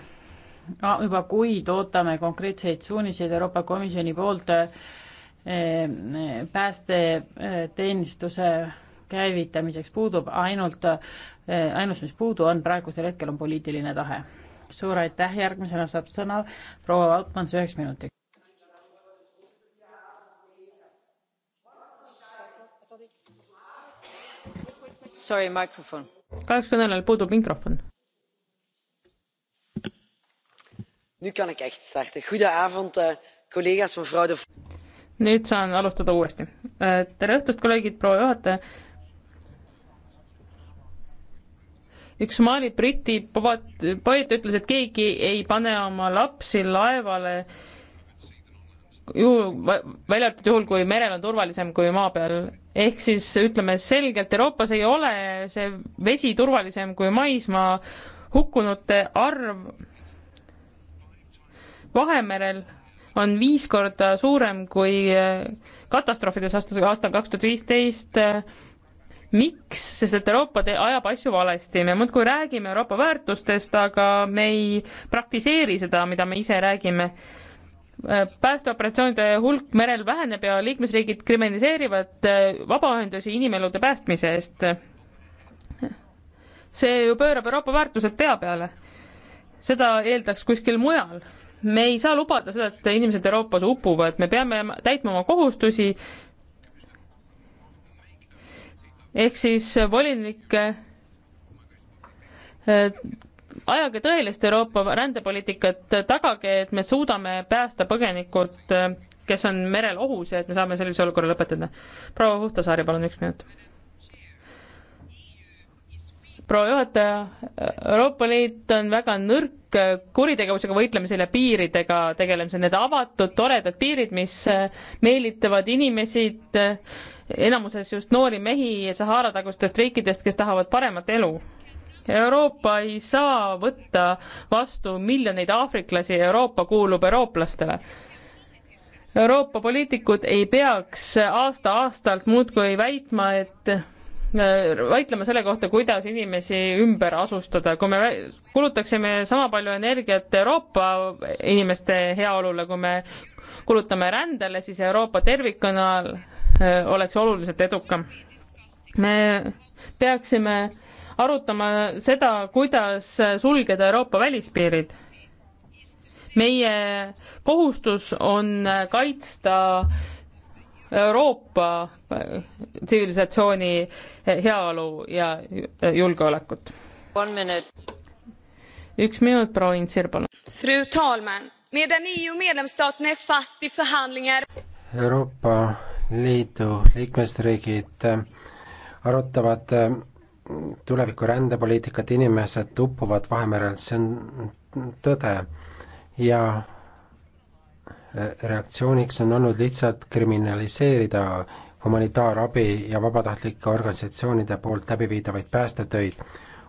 no, juba kuid ootame konkreetseid suuniseid Euroopa Komisjoni poolt eh, eh, päästeteenistuse käivitamiseks puudub ainult, eh, ainus, mis puudu on praegusel hetkel, on poliitiline tahe. suur aitäh, järgmisena saab sõna proua Valtmans üheks minutiks. kahjuks kõnelejal puudub mikrofon Nu kan ik echt starten. Goedenavond, eh, collega's, mevrouw de... nüüd saan alustada uuesti. Eh, tere õhtust, kolleegid, proua juhataja. üks Mali briti poet ütles, et keegi ei pane oma lapsi laevale juhul, välja arvatud juhul, kui merel on turvalisem kui maa peal. ehk siis ütleme selgelt, Euroopas ei ole see vesi turvalisem kui maismaa. hukkunute arv Vahemerel on viis korda suurem kui eh, katastroofides aastas, aastal kaks tuhat viisteist. miks? sest et Euroopa te-, ajab asju valesti, me muudkui räägime Euroopa väärtustest, aga me ei praktiseeri seda, mida me ise räägime. Eh, päästeoperatsioonide hulk merel väheneb ja liikmesriigid kriminaliseerivad eh, vabaühendusi inimelude päästmise eest. see ju pöörab Euroopa väärtused pea peale. seda eeldaks kuskil mujal me ei saa lubada seda, et inimesed Euroopas upuvad, me peame täitma oma kohustusi. ehk siis volinik äh, ajage tõelist Euroopa rändepoliitikat, tagage, et me suudame päästa põgenikud, äh, kes on merel ohus ja et me saame sellise olukorra lõpetada. proua Huhtasaari, palun üks minut proua juhataja, Euroopa Liit on väga nõrk kuritegevusega võitlemisel ja piiridega tegelemisel, need avatud toredad piirid, mis meelitavad inimesi, enamuses just noori mehi Sahara tagustest riikidest, kes tahavad paremat elu Euroopa ei saa võtta vastu miljoneid aafriklasi, Euroopa kuulub eurooplastele. Euroopa poliitikud ei peaks aasta-aastalt muudkui väitma, et vaiklema selle kohta, kuidas inimesi ümber asustada. kui me kulutaksime sama palju energiat Euroopa inimeste heaolule, kui me kulutame rändele, siis Euroopa tervikuna äh, oleks oluliselt edukam. me peaksime arutama seda, kuidas sulgeda Euroopa välispiirid. meie kohustus on kaitsta Euroopa äh, tsivilisatsiooni heaolu ja julgeolekut. üks minut, proua Intsir, palun. E Euroopa Liidu liikmesriigid äh, arutavad äh, tuleviku rändepoliitikat, inimesed uppuvad Vahemerel, see on tõde ja reaktsiooniks on olnud lihtsalt kriminaliseerida humanitaarabi ja vabatahtlike organisatsioonide poolt läbiviidavaid päästetöid.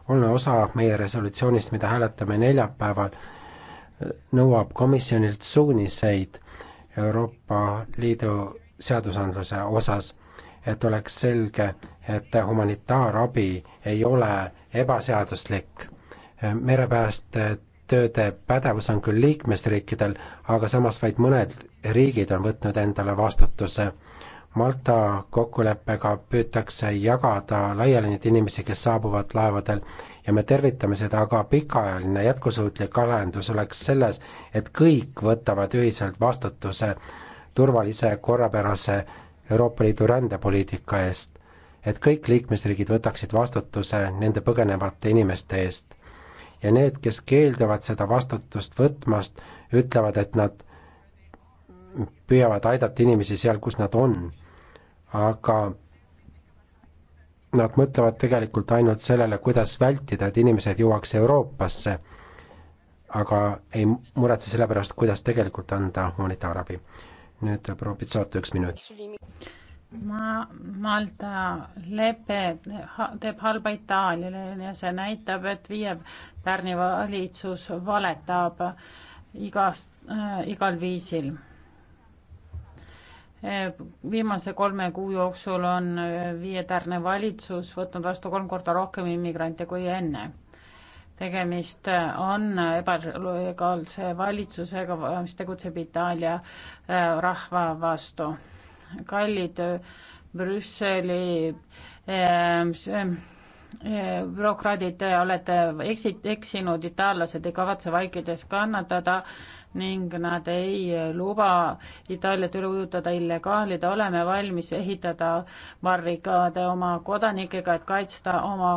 oluline osa meie resolutsioonist, mida hääletame neljapäeval, nõuab komisjonilt suuniseid Euroopa Liidu seadusandluse osas, et oleks selge, et humanitaarabi ei ole ebaseaduslik. merepäästed tööde pädevus on küll liikmesriikidel, aga samas vaid mõned riigid on võtnud endale vastutuse. Malta kokkuleppega püütakse jagada laiali neid inimesi, kes saabuvad laevadel ja me tervitame seda, aga pikaajaline jätkusuutlik lahendus oleks selles, et kõik võtavad ühiselt vastutuse turvalise, korrapärase Euroopa Liidu rändepoliitika eest. et kõik liikmesriigid võtaksid vastutuse nende põgenevate inimeste eest ja need, kes keelduvad seda vastutust võtmast, ütlevad, et nad püüavad aidata inimesi seal, kus nad on. aga nad mõtlevad tegelikult ainult sellele, kuidas vältida, et inimesed jõuaks Euroopasse, aga ei muretse selle pärast, kuidas tegelikult anda humanitaarabi. nüüd proua Pitsoot, üks minut ma, Malta lepe ha, teeb halba Itaaliale ja see näitab, et viie Pärni valitsus valetab igast äh,, igal viisil e,. viimase kolme kuu jooksul on äh, viie Pärni valitsus võtnud vastu kolm korda rohkem immigrante kui enne. tegemist äh, on ebalegaalse valitsusega, mis tegutseb Itaalia äh, rahva vastu kallid äh, Brüsseli äh, äh, bürokraadid, te olete eksi-, eksinud, itaallased ei kavatse vaikides kannatada ning nad ei luba Itaaliat üle ujutada illegaalid, oleme valmis ehitada barrikaade oma kodanikega, et kaitsta oma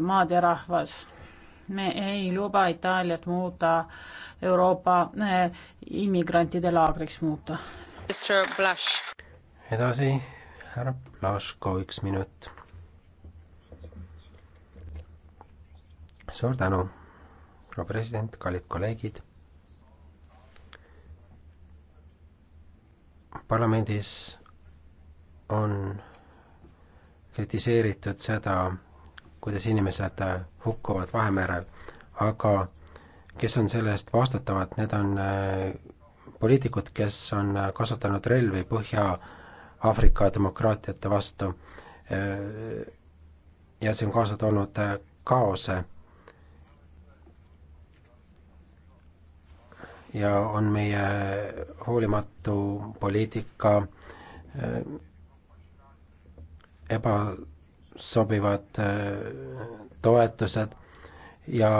maad ja rahvast. me ei luba Itaaliat muuta Euroopa immigrantide laagriks muuta edasi, härra Plaško, üks minut. suur tänu, proua president, kallid kolleegid. parlamendis on kritiseeritud seda, kuidas inimesed hukkuvad Vahemerel, aga kes on selle eest vastutavad, need on äh, poliitikud, kes on äh, kasutanud relvi Põhja- Aafrika demokraatiate vastu. ja see on kaasa toonud äh, kaose. ja on meie hoolimatu poliitika äh, ebasobivad äh, toetused ja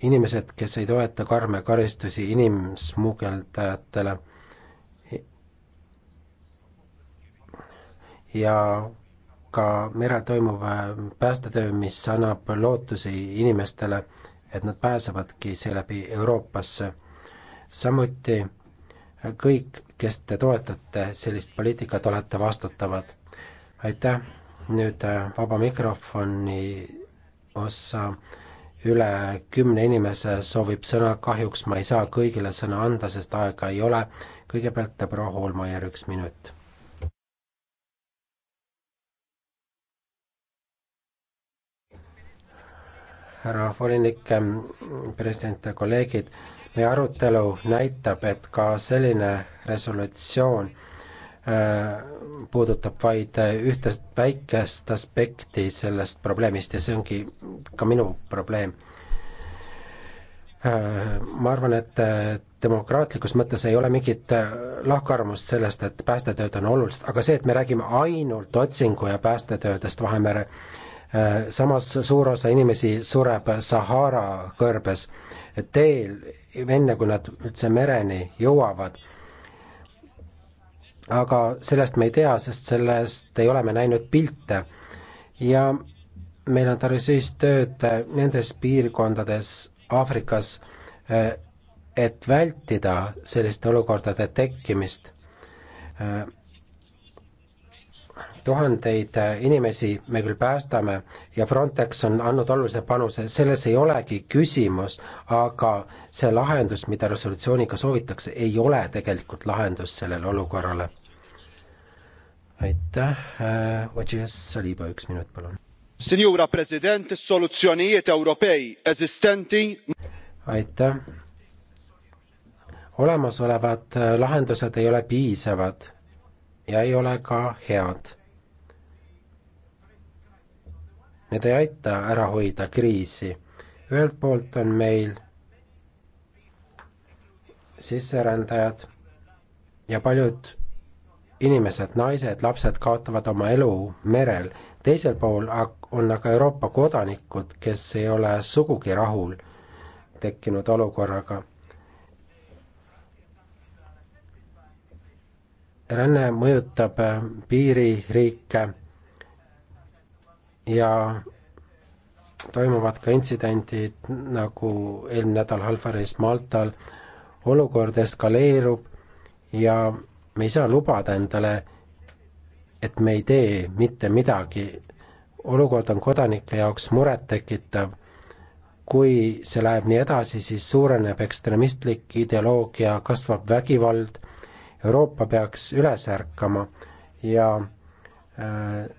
inimesed, kes ei toeta karme karistusi inimsmugeldajatele ja ka merel toimuv äh, päästetöö, mis annab lootusi inimestele, et nad pääsevadki seeläbi Euroopasse. samuti äh, kõik, kes te toetate sellist poliitikat, olete vastutavad. aitäh, nüüd äh, vaba mikrofoni osa üle kümne inimese soovib sõna, kahjuks ma ei saa kõigile sõna anda, sest aega ei ole. kõigepealt proua Hoolmaier, üks minut härra volinik, ähm, president, kolleegid, meie arutelu näitab, et ka selline resolutsioon äh, puudutab vaid äh, ühte väikest aspekti sellest probleemist ja see ongi ka minu probleem. Äh, ma arvan, et demokraatlikus mõttes ei ole mingit lahkarvamust sellest, et päästetööd on olulised, aga see, et me räägime ainult otsingu ja päästetöödest Vahemere äh, Äh, samas suur osa inimesi sureb Sahara kõrbes teel, enne kui nad üldse mereni jõuavad. aga sellest me ei tea, sest sellest ei ole me näinud pilte ja meil on tarvis ühist tööd nendes piirkondades Aafrikas, äh, et vältida selliste olukordade tekkimist äh, tuhandeid äh, inimesi me küll päästame ja Frontex on andnud olulise panuse, selles ei olegi küsimus, aga see lahendus, mida resolutsiooniga soovitakse, ei ole tegelikult lahendus sellele olukorrale. aitäh, äh, Odžes Saliba, üks minut, palun. Signora president, solutsiooniid Europei existenti. aitäh. olemasolevad äh, lahendused ei ole piisavad ja ei ole ka head. Need ei aita ära hoida kriisi. ühelt poolt on meil sisserändajad ja paljud inimesed, naised, lapsed kaotavad oma elu merel. teisel pool on aga Euroopa kodanikud, kes ei ole sugugi rahul tekkinud olukorraga. ränne mõjutab piiririike ja toimuvad ka intsidendid nagu eelmine nädal Halfaris Maltal. olukord eskaleerub ja me ei saa lubada endale, et me ei tee mitte midagi. olukord on kodanike jaoks murettekitav. kui see läheb nii edasi, siis suureneb ekstremistlik ideoloogia, kasvab vägivald. Euroopa peaks üles ärkama ja äh,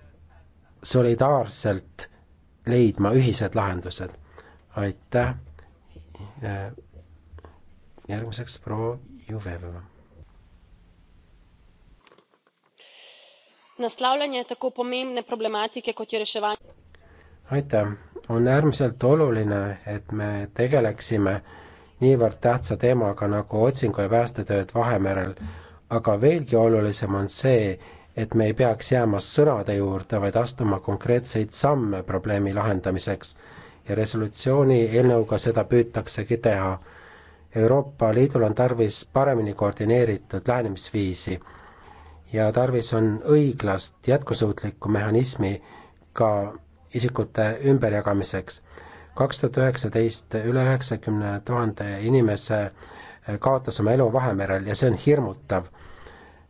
solidaarselt leidma ühised lahendused. aitäh. järgmiseks proua Juveveva. naslavljanje tako pomembne problematike kot je reševanje. aitäh, on äärmiselt oluline, et me tegeleksime niivõrd tähtsa teemaga nagu otsingu ja päästetööd Vahemerel, aga veelgi olulisem on see, et me ei peaks jääma sõnade juurde, vaid astuma konkreetseid samme probleemi lahendamiseks. ja resolutsiooni eelnõuga seda püütaksegi teha. Euroopa Liidul on tarvis paremini koordineeritud lähenemisviisi ja tarvis on õiglast jätkusuutlikku mehhanismi ka isikute ümberjagamiseks. kaks tuhat üheksateist üle üheksakümne tuhande inimese eh, kaotas oma elu Vahemerel ja see on hirmutav.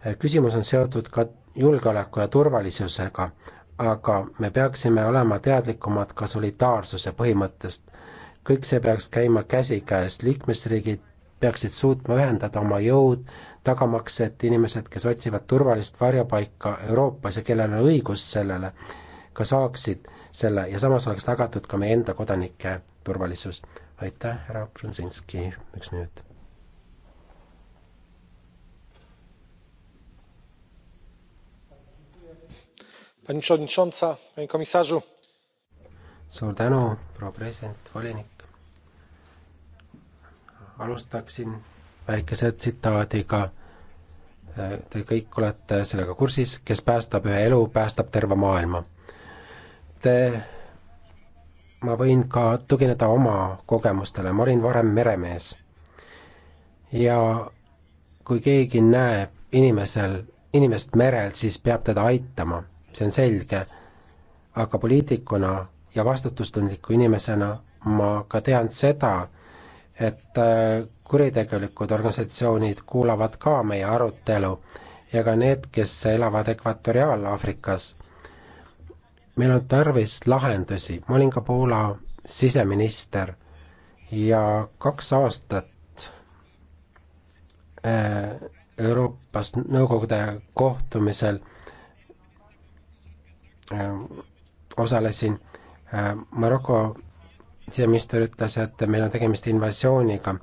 Eh, küsimus on seotud ka julgeoleku ja turvalisusega, aga me peaksime olema teadlikumad ka solidaarsuse põhimõttest. kõik see peaks käima käsikäes, liikmesriigid peaksid suutma ühendada oma jõud, tagamaks, et inimesed, kes otsivad turvalist varjupaika Euroopas ja kellel on õigus sellele, ka saaksid selle ja samas oleks tagatud ka meie enda kodanike turvalisus. aitäh, härra Brzezinski, üks minut pani przewodnicząca! panie komisarzu! suur tänu proua president volinik alustaksin väikese tsitaadiga te kõik olete sellega kursis kes päästab ühe elu päästab terve maailma te ma võin ka tugineda oma kogemustele ma olin varem meremees ja kui keegi näeb inimesel inimest merel siis peab teda aitama see on selge. aga poliitikuna ja vastutustundliku inimesena ma ka tean seda, et äh, kuritegelikud organisatsioonid kuulavad ka meie arutelu ja ka need, kes elavad Ekvatoriaal-Aafrikas. meil on tarvis lahendusi, ma olin ka Poola siseminister ja kaks aastat äh, Euroopas Nõukogude kohtumisel äh, Äh, osalesin. Äh, Maroko siseminister ütles, et meil on tegemist invasiooniga.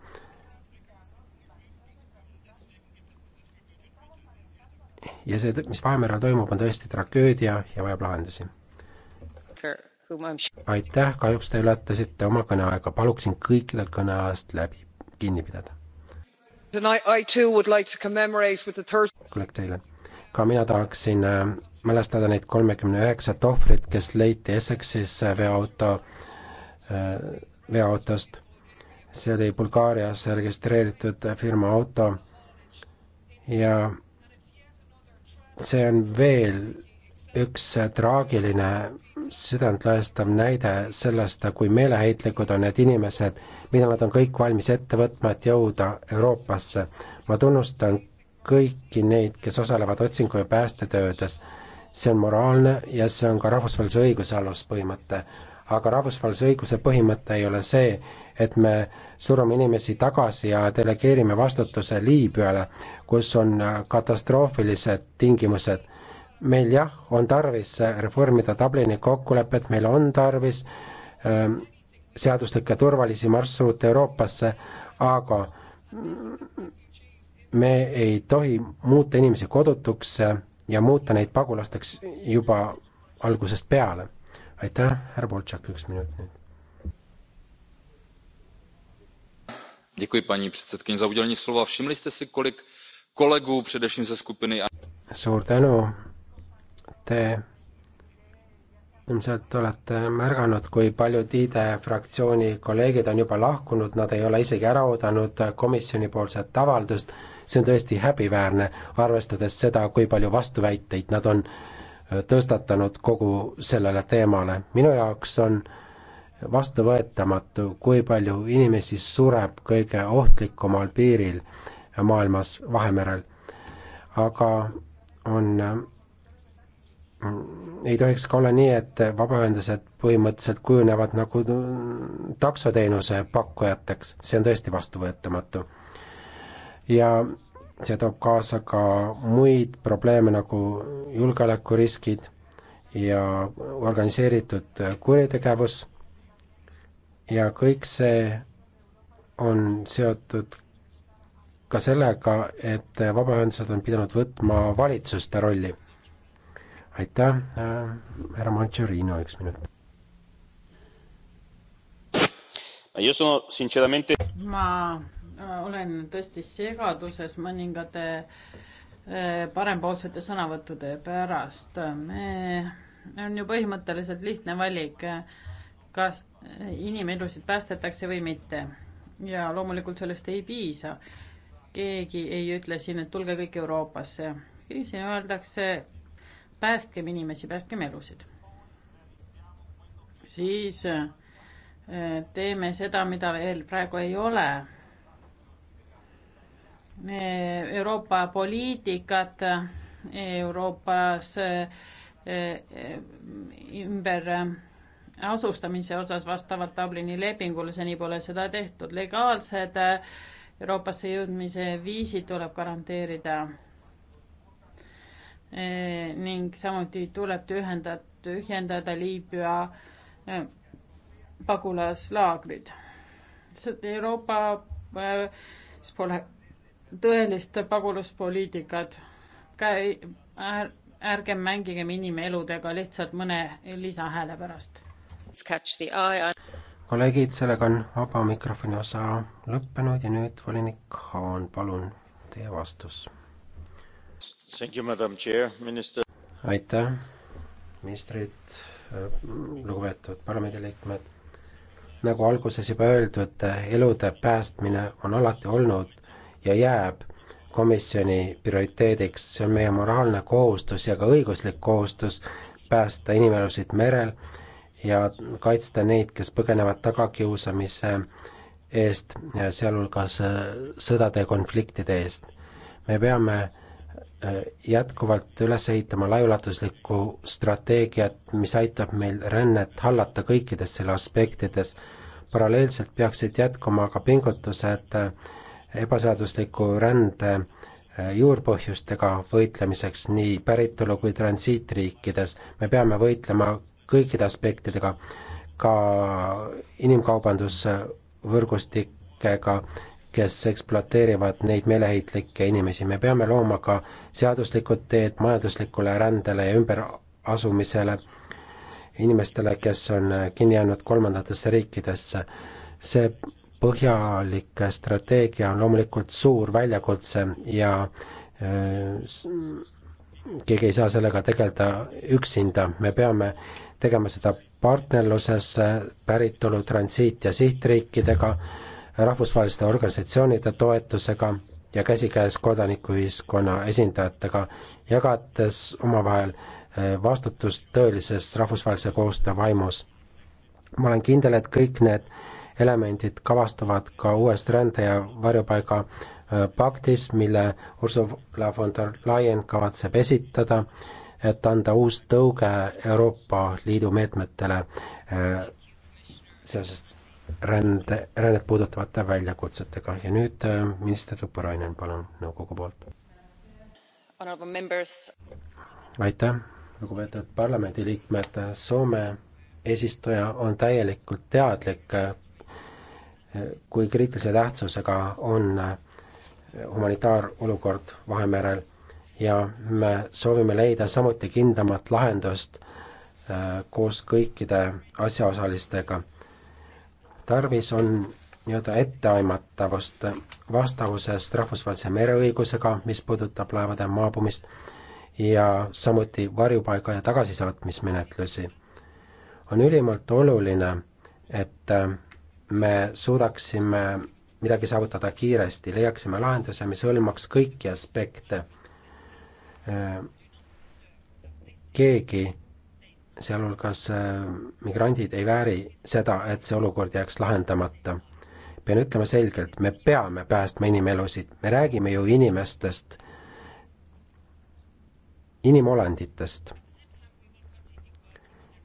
ja see, mis Vahemerel toimub, on tõesti tragöödia ja vajab lahendusi. aitäh, kahjuks te ületasite oma kõneaega, paluksin kõikidel kõneajast läbi kinni pidada. kolleeg teile ka mina tahaksin äh, mälestada neid kolmekümne üheksat ohvrit, kes leiti Essexis äh, veoauto, äh, veoautost. see oli Bulgaarias registreeritud firma auto ja see on veel üks traagiline südantlõhestav näide sellest, kui meeleheitlikud on need inimesed, mida nad on kõik valmis ette võtma, et jõuda Euroopasse. ma tunnustan kõiki neid, kes osalevad otsingu- ja päästetöödes. see on moraalne ja see on ka rahvusvahelise õiguse aluspõhimõte. aga rahvusvahelise õiguse põhimõte ei ole see, et me surume inimesi tagasi ja delegeerime vastutuse Liibüale, kus on katastroofilised tingimused. meil jah, on tarvis reformida Dublini kokkulepet, meil on tarvis ähm, seaduslikke turvalisi marsruute Euroopasse, aga me ei tohi muuta inimesi kodutuks ja muuta neid pagulasteks juba algusest peale. aitäh, härra Boltšak, üks minut nüüd. Děkuji paní předsedkyni za udělení slova. Všimli jste si, kolik kolegů především ze skupiny... Suur tänu. Te ilmselt olete märganud, kui paljud ID e fraktsiooni kolleegid on juba lahkunud, nad ei ole isegi ära oodanud komisjonipoolset avaldust see on tõesti häbiväärne, arvestades seda, kui palju vastuväiteid nad on äh, tõstatanud kogu sellele teemale. minu jaoks on vastuvõetamatu, kui palju inimesi sureb kõige ohtlikumal piiril maailmas Vahemerel. aga on, äh, ei tohiks ka olla nii, et vabaühendused põhimõtteliselt kujunevad nagu äh, taksoteenuse pakkujateks, see on tõesti vastuvõetamatu ja see toob kaasa ka muid probleeme nagu julgeolekuriskid ja organiseeritud kuritegevus ja kõik see on seotud ka sellega, et vabaühendused on pidanud võtma valitsuste rolli. aitäh, äh, härra Mancherino, üks minut. ma Äh, olen tõesti segaduses mõningate äh, parempoolsete sõnavõttude pärast. me, on ju põhimõtteliselt lihtne valik, kas inimelusid päästetakse või mitte. ja loomulikult sellest ei piisa. keegi ei ütle siin, et tulge kõik Euroopasse. siin öeldakse, päästkem inimesi, päästkem elusid. siis äh, teeme seda, mida veel praegu ei ole Eh, Euroopa poliitikat eh, Euroopas eh, ümber asustamise osas vastavalt Dublini lepingule, seni pole seda tehtud. legaalsed Euroopasse jõudmise viisid tuleb garanteerida e. ning samuti tuleb tühendada, tühjendada Liibüa e pagulaslaagrid. Euroopas pole tõelist pagulaspoliitikat. käi- är,, ärgem mängigem inimeludega lihtsalt mõne lisahääle pärast. kolleegid, sellega on vaba mikrofoni osa lõppenud ja nüüd volinik Haan, palun, teie vastus. aitäh, ministrid, lugupeetud parlamendiliikmed. nagu alguses juba öeldud, elude päästmine on alati olnud ja jääb komisjoni prioriteediks, see on meie moraalne kohustus ja ka õiguslik kohustus päästa inimelusid merel ja kaitsta neid, kes põgenevad tagakiusamise eest, sealhulgas äh, sõdade ja konfliktide eest. me peame äh, jätkuvalt üles ehitama laiulatuslikku strateegiat, mis aitab meil rännet hallata kõikides selle aspektides. paralleelselt peaksid jätkuma ka pingutused äh, ebaseadusliku rände eh, juurpõhjustega võitlemiseks nii päritolu- kui transiitriikides. me peame võitlema kõikide aspektidega, ka inimkaubandusvõrgustikega, kes ekspluateerivad neid meeleheitlikke inimesi. me peame looma ka seaduslikud teed majanduslikule rändele ja ümberasumisele inimestele, kes on kinni jäänud kolmandatesse riikidesse. see põhjalik strateegia on loomulikult suur väljakutse ja äh, keegi ei saa sellega tegeleda üksinda, me peame tegema seda partnerluses äh, päritolu, transiit ja sihtriikidega, rahvusvaheliste organisatsioonide toetusega ja käsikäes kodanikuühiskonna esindajatega, jagates omavahel äh, vastutust tõelises rahvusvahelise koostöö vaimus. ma olen kindel, et kõik need elemendid kavastuvad ka uues rände- ja varjupaiga äh, paktis, mille Ursula von der Leyen kavatseb esitada, et anda uus tõuge Euroopa Liidu meetmetele äh, seoses rände, rännet puudutavate väljakutsetega ja nüüd äh, minister Tuppurainen, palun, nõukogu poolt. aitäh, lugupeetud parlamendiliikmed, Soome eesistuja on täielikult teadlik kui kriitilise tähtsusega on humanitaarolukord Vahemerel ja me soovime leida samuti kindlamat lahendust äh, koos kõikide asjaosalistega. tarvis on nii-öelda etteaimatavust vastavuses rahvusvahelise mereõigusega, mis puudutab laevade maabumist, ja samuti varjupaiga ja tagasisaatmismenetlusi. on ülimalt oluline, et äh, me suudaksime midagi saavutada kiiresti, leiaksime lahenduse, mis hõlmaks kõiki aspekte. keegi, sealhulgas äh, migrandid, ei vääri seda, et see olukord jääks lahendamata. pean ütlema selgelt, me peame päästma inimelusid, me räägime ju inimestest, inimolenditest.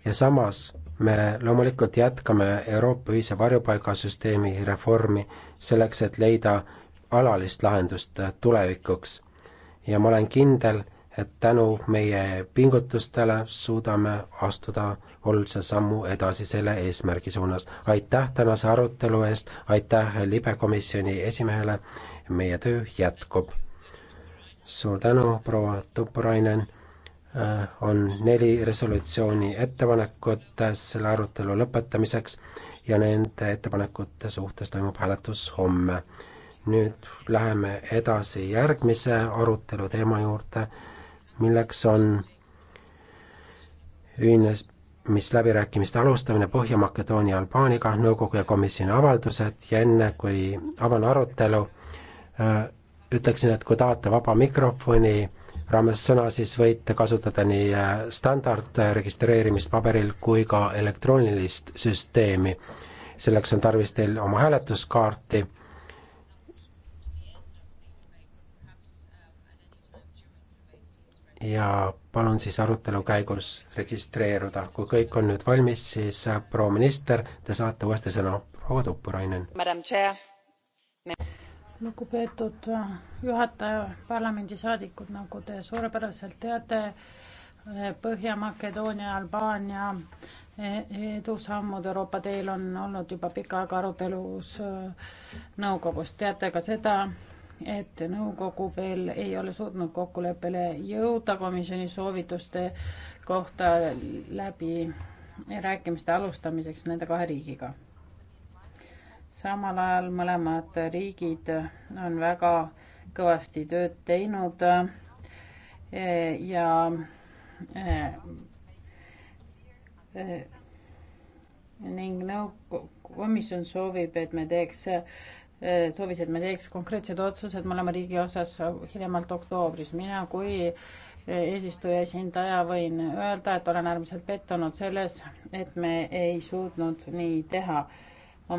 ja samas me loomulikult jätkame Euroopa ühise varjupaigasüsteemi reformi selleks, et leida alalist lahendust tulevikuks. ja ma olen kindel, et tänu meie pingutustele suudame astuda olulise sammu edasi selle eesmärgi suunas. aitäh tänase arutelu eest, aitäh libekomisjoni esimehele, meie töö jätkub. suur tänu, proua Tuppurainen Äh, on neli resolutsiooni ettepanekut äh, selle arutelu lõpetamiseks ja nende ettepanekute suhtes toimub hääletus homme. nüüd läheme edasi järgmise arutelu teema juurde, milleks on ühinemisläbirääkimiste alustamine Põhja-Makedoonia Albaaniaga, nõukogu ja komisjoni avaldused ja enne, kui avan arutelu, äh, ütleksin, et kui tahate vaba mikrofoni raames sõna, siis võite kasutada nii äh, standardregistreerimist äh, paberil kui ka elektroonilist süsteemi. selleks on tarvis teil oma hääletuskaarti ja palun siis arutelu käigus registreeruda. kui kõik on nüüd valmis, siis äh, proua minister, te saate uuesti sõna. proua Tuppurainen lugupeetud äh, juhataja, parlamendisaadikud, nagu te suurepäraselt teate, äh, Põhja-Makedoonia, Albaania e, edusammud Euroopa teel on olnud juba pikka aega arutelus äh, nõukogus. teate ka seda, et nõukogu veel ei ole suutnud kokkuleppele jõuda komisjoni soovituste kohta läbi rääkimiste alustamiseks nende kahe riigiga samal ajal mõlemad riigid on väga kõvasti tööd teinud eh, ja eh, eh, ning nõukomisjon soovib, et me teeks, soovis, et me teeks konkreetsed otsused mõlema riigi osas hiljemalt oktoobris. mina kui eesistuja esindaja võin öelda, et olen äärmiselt pettunud selles, et me ei suutnud nii teha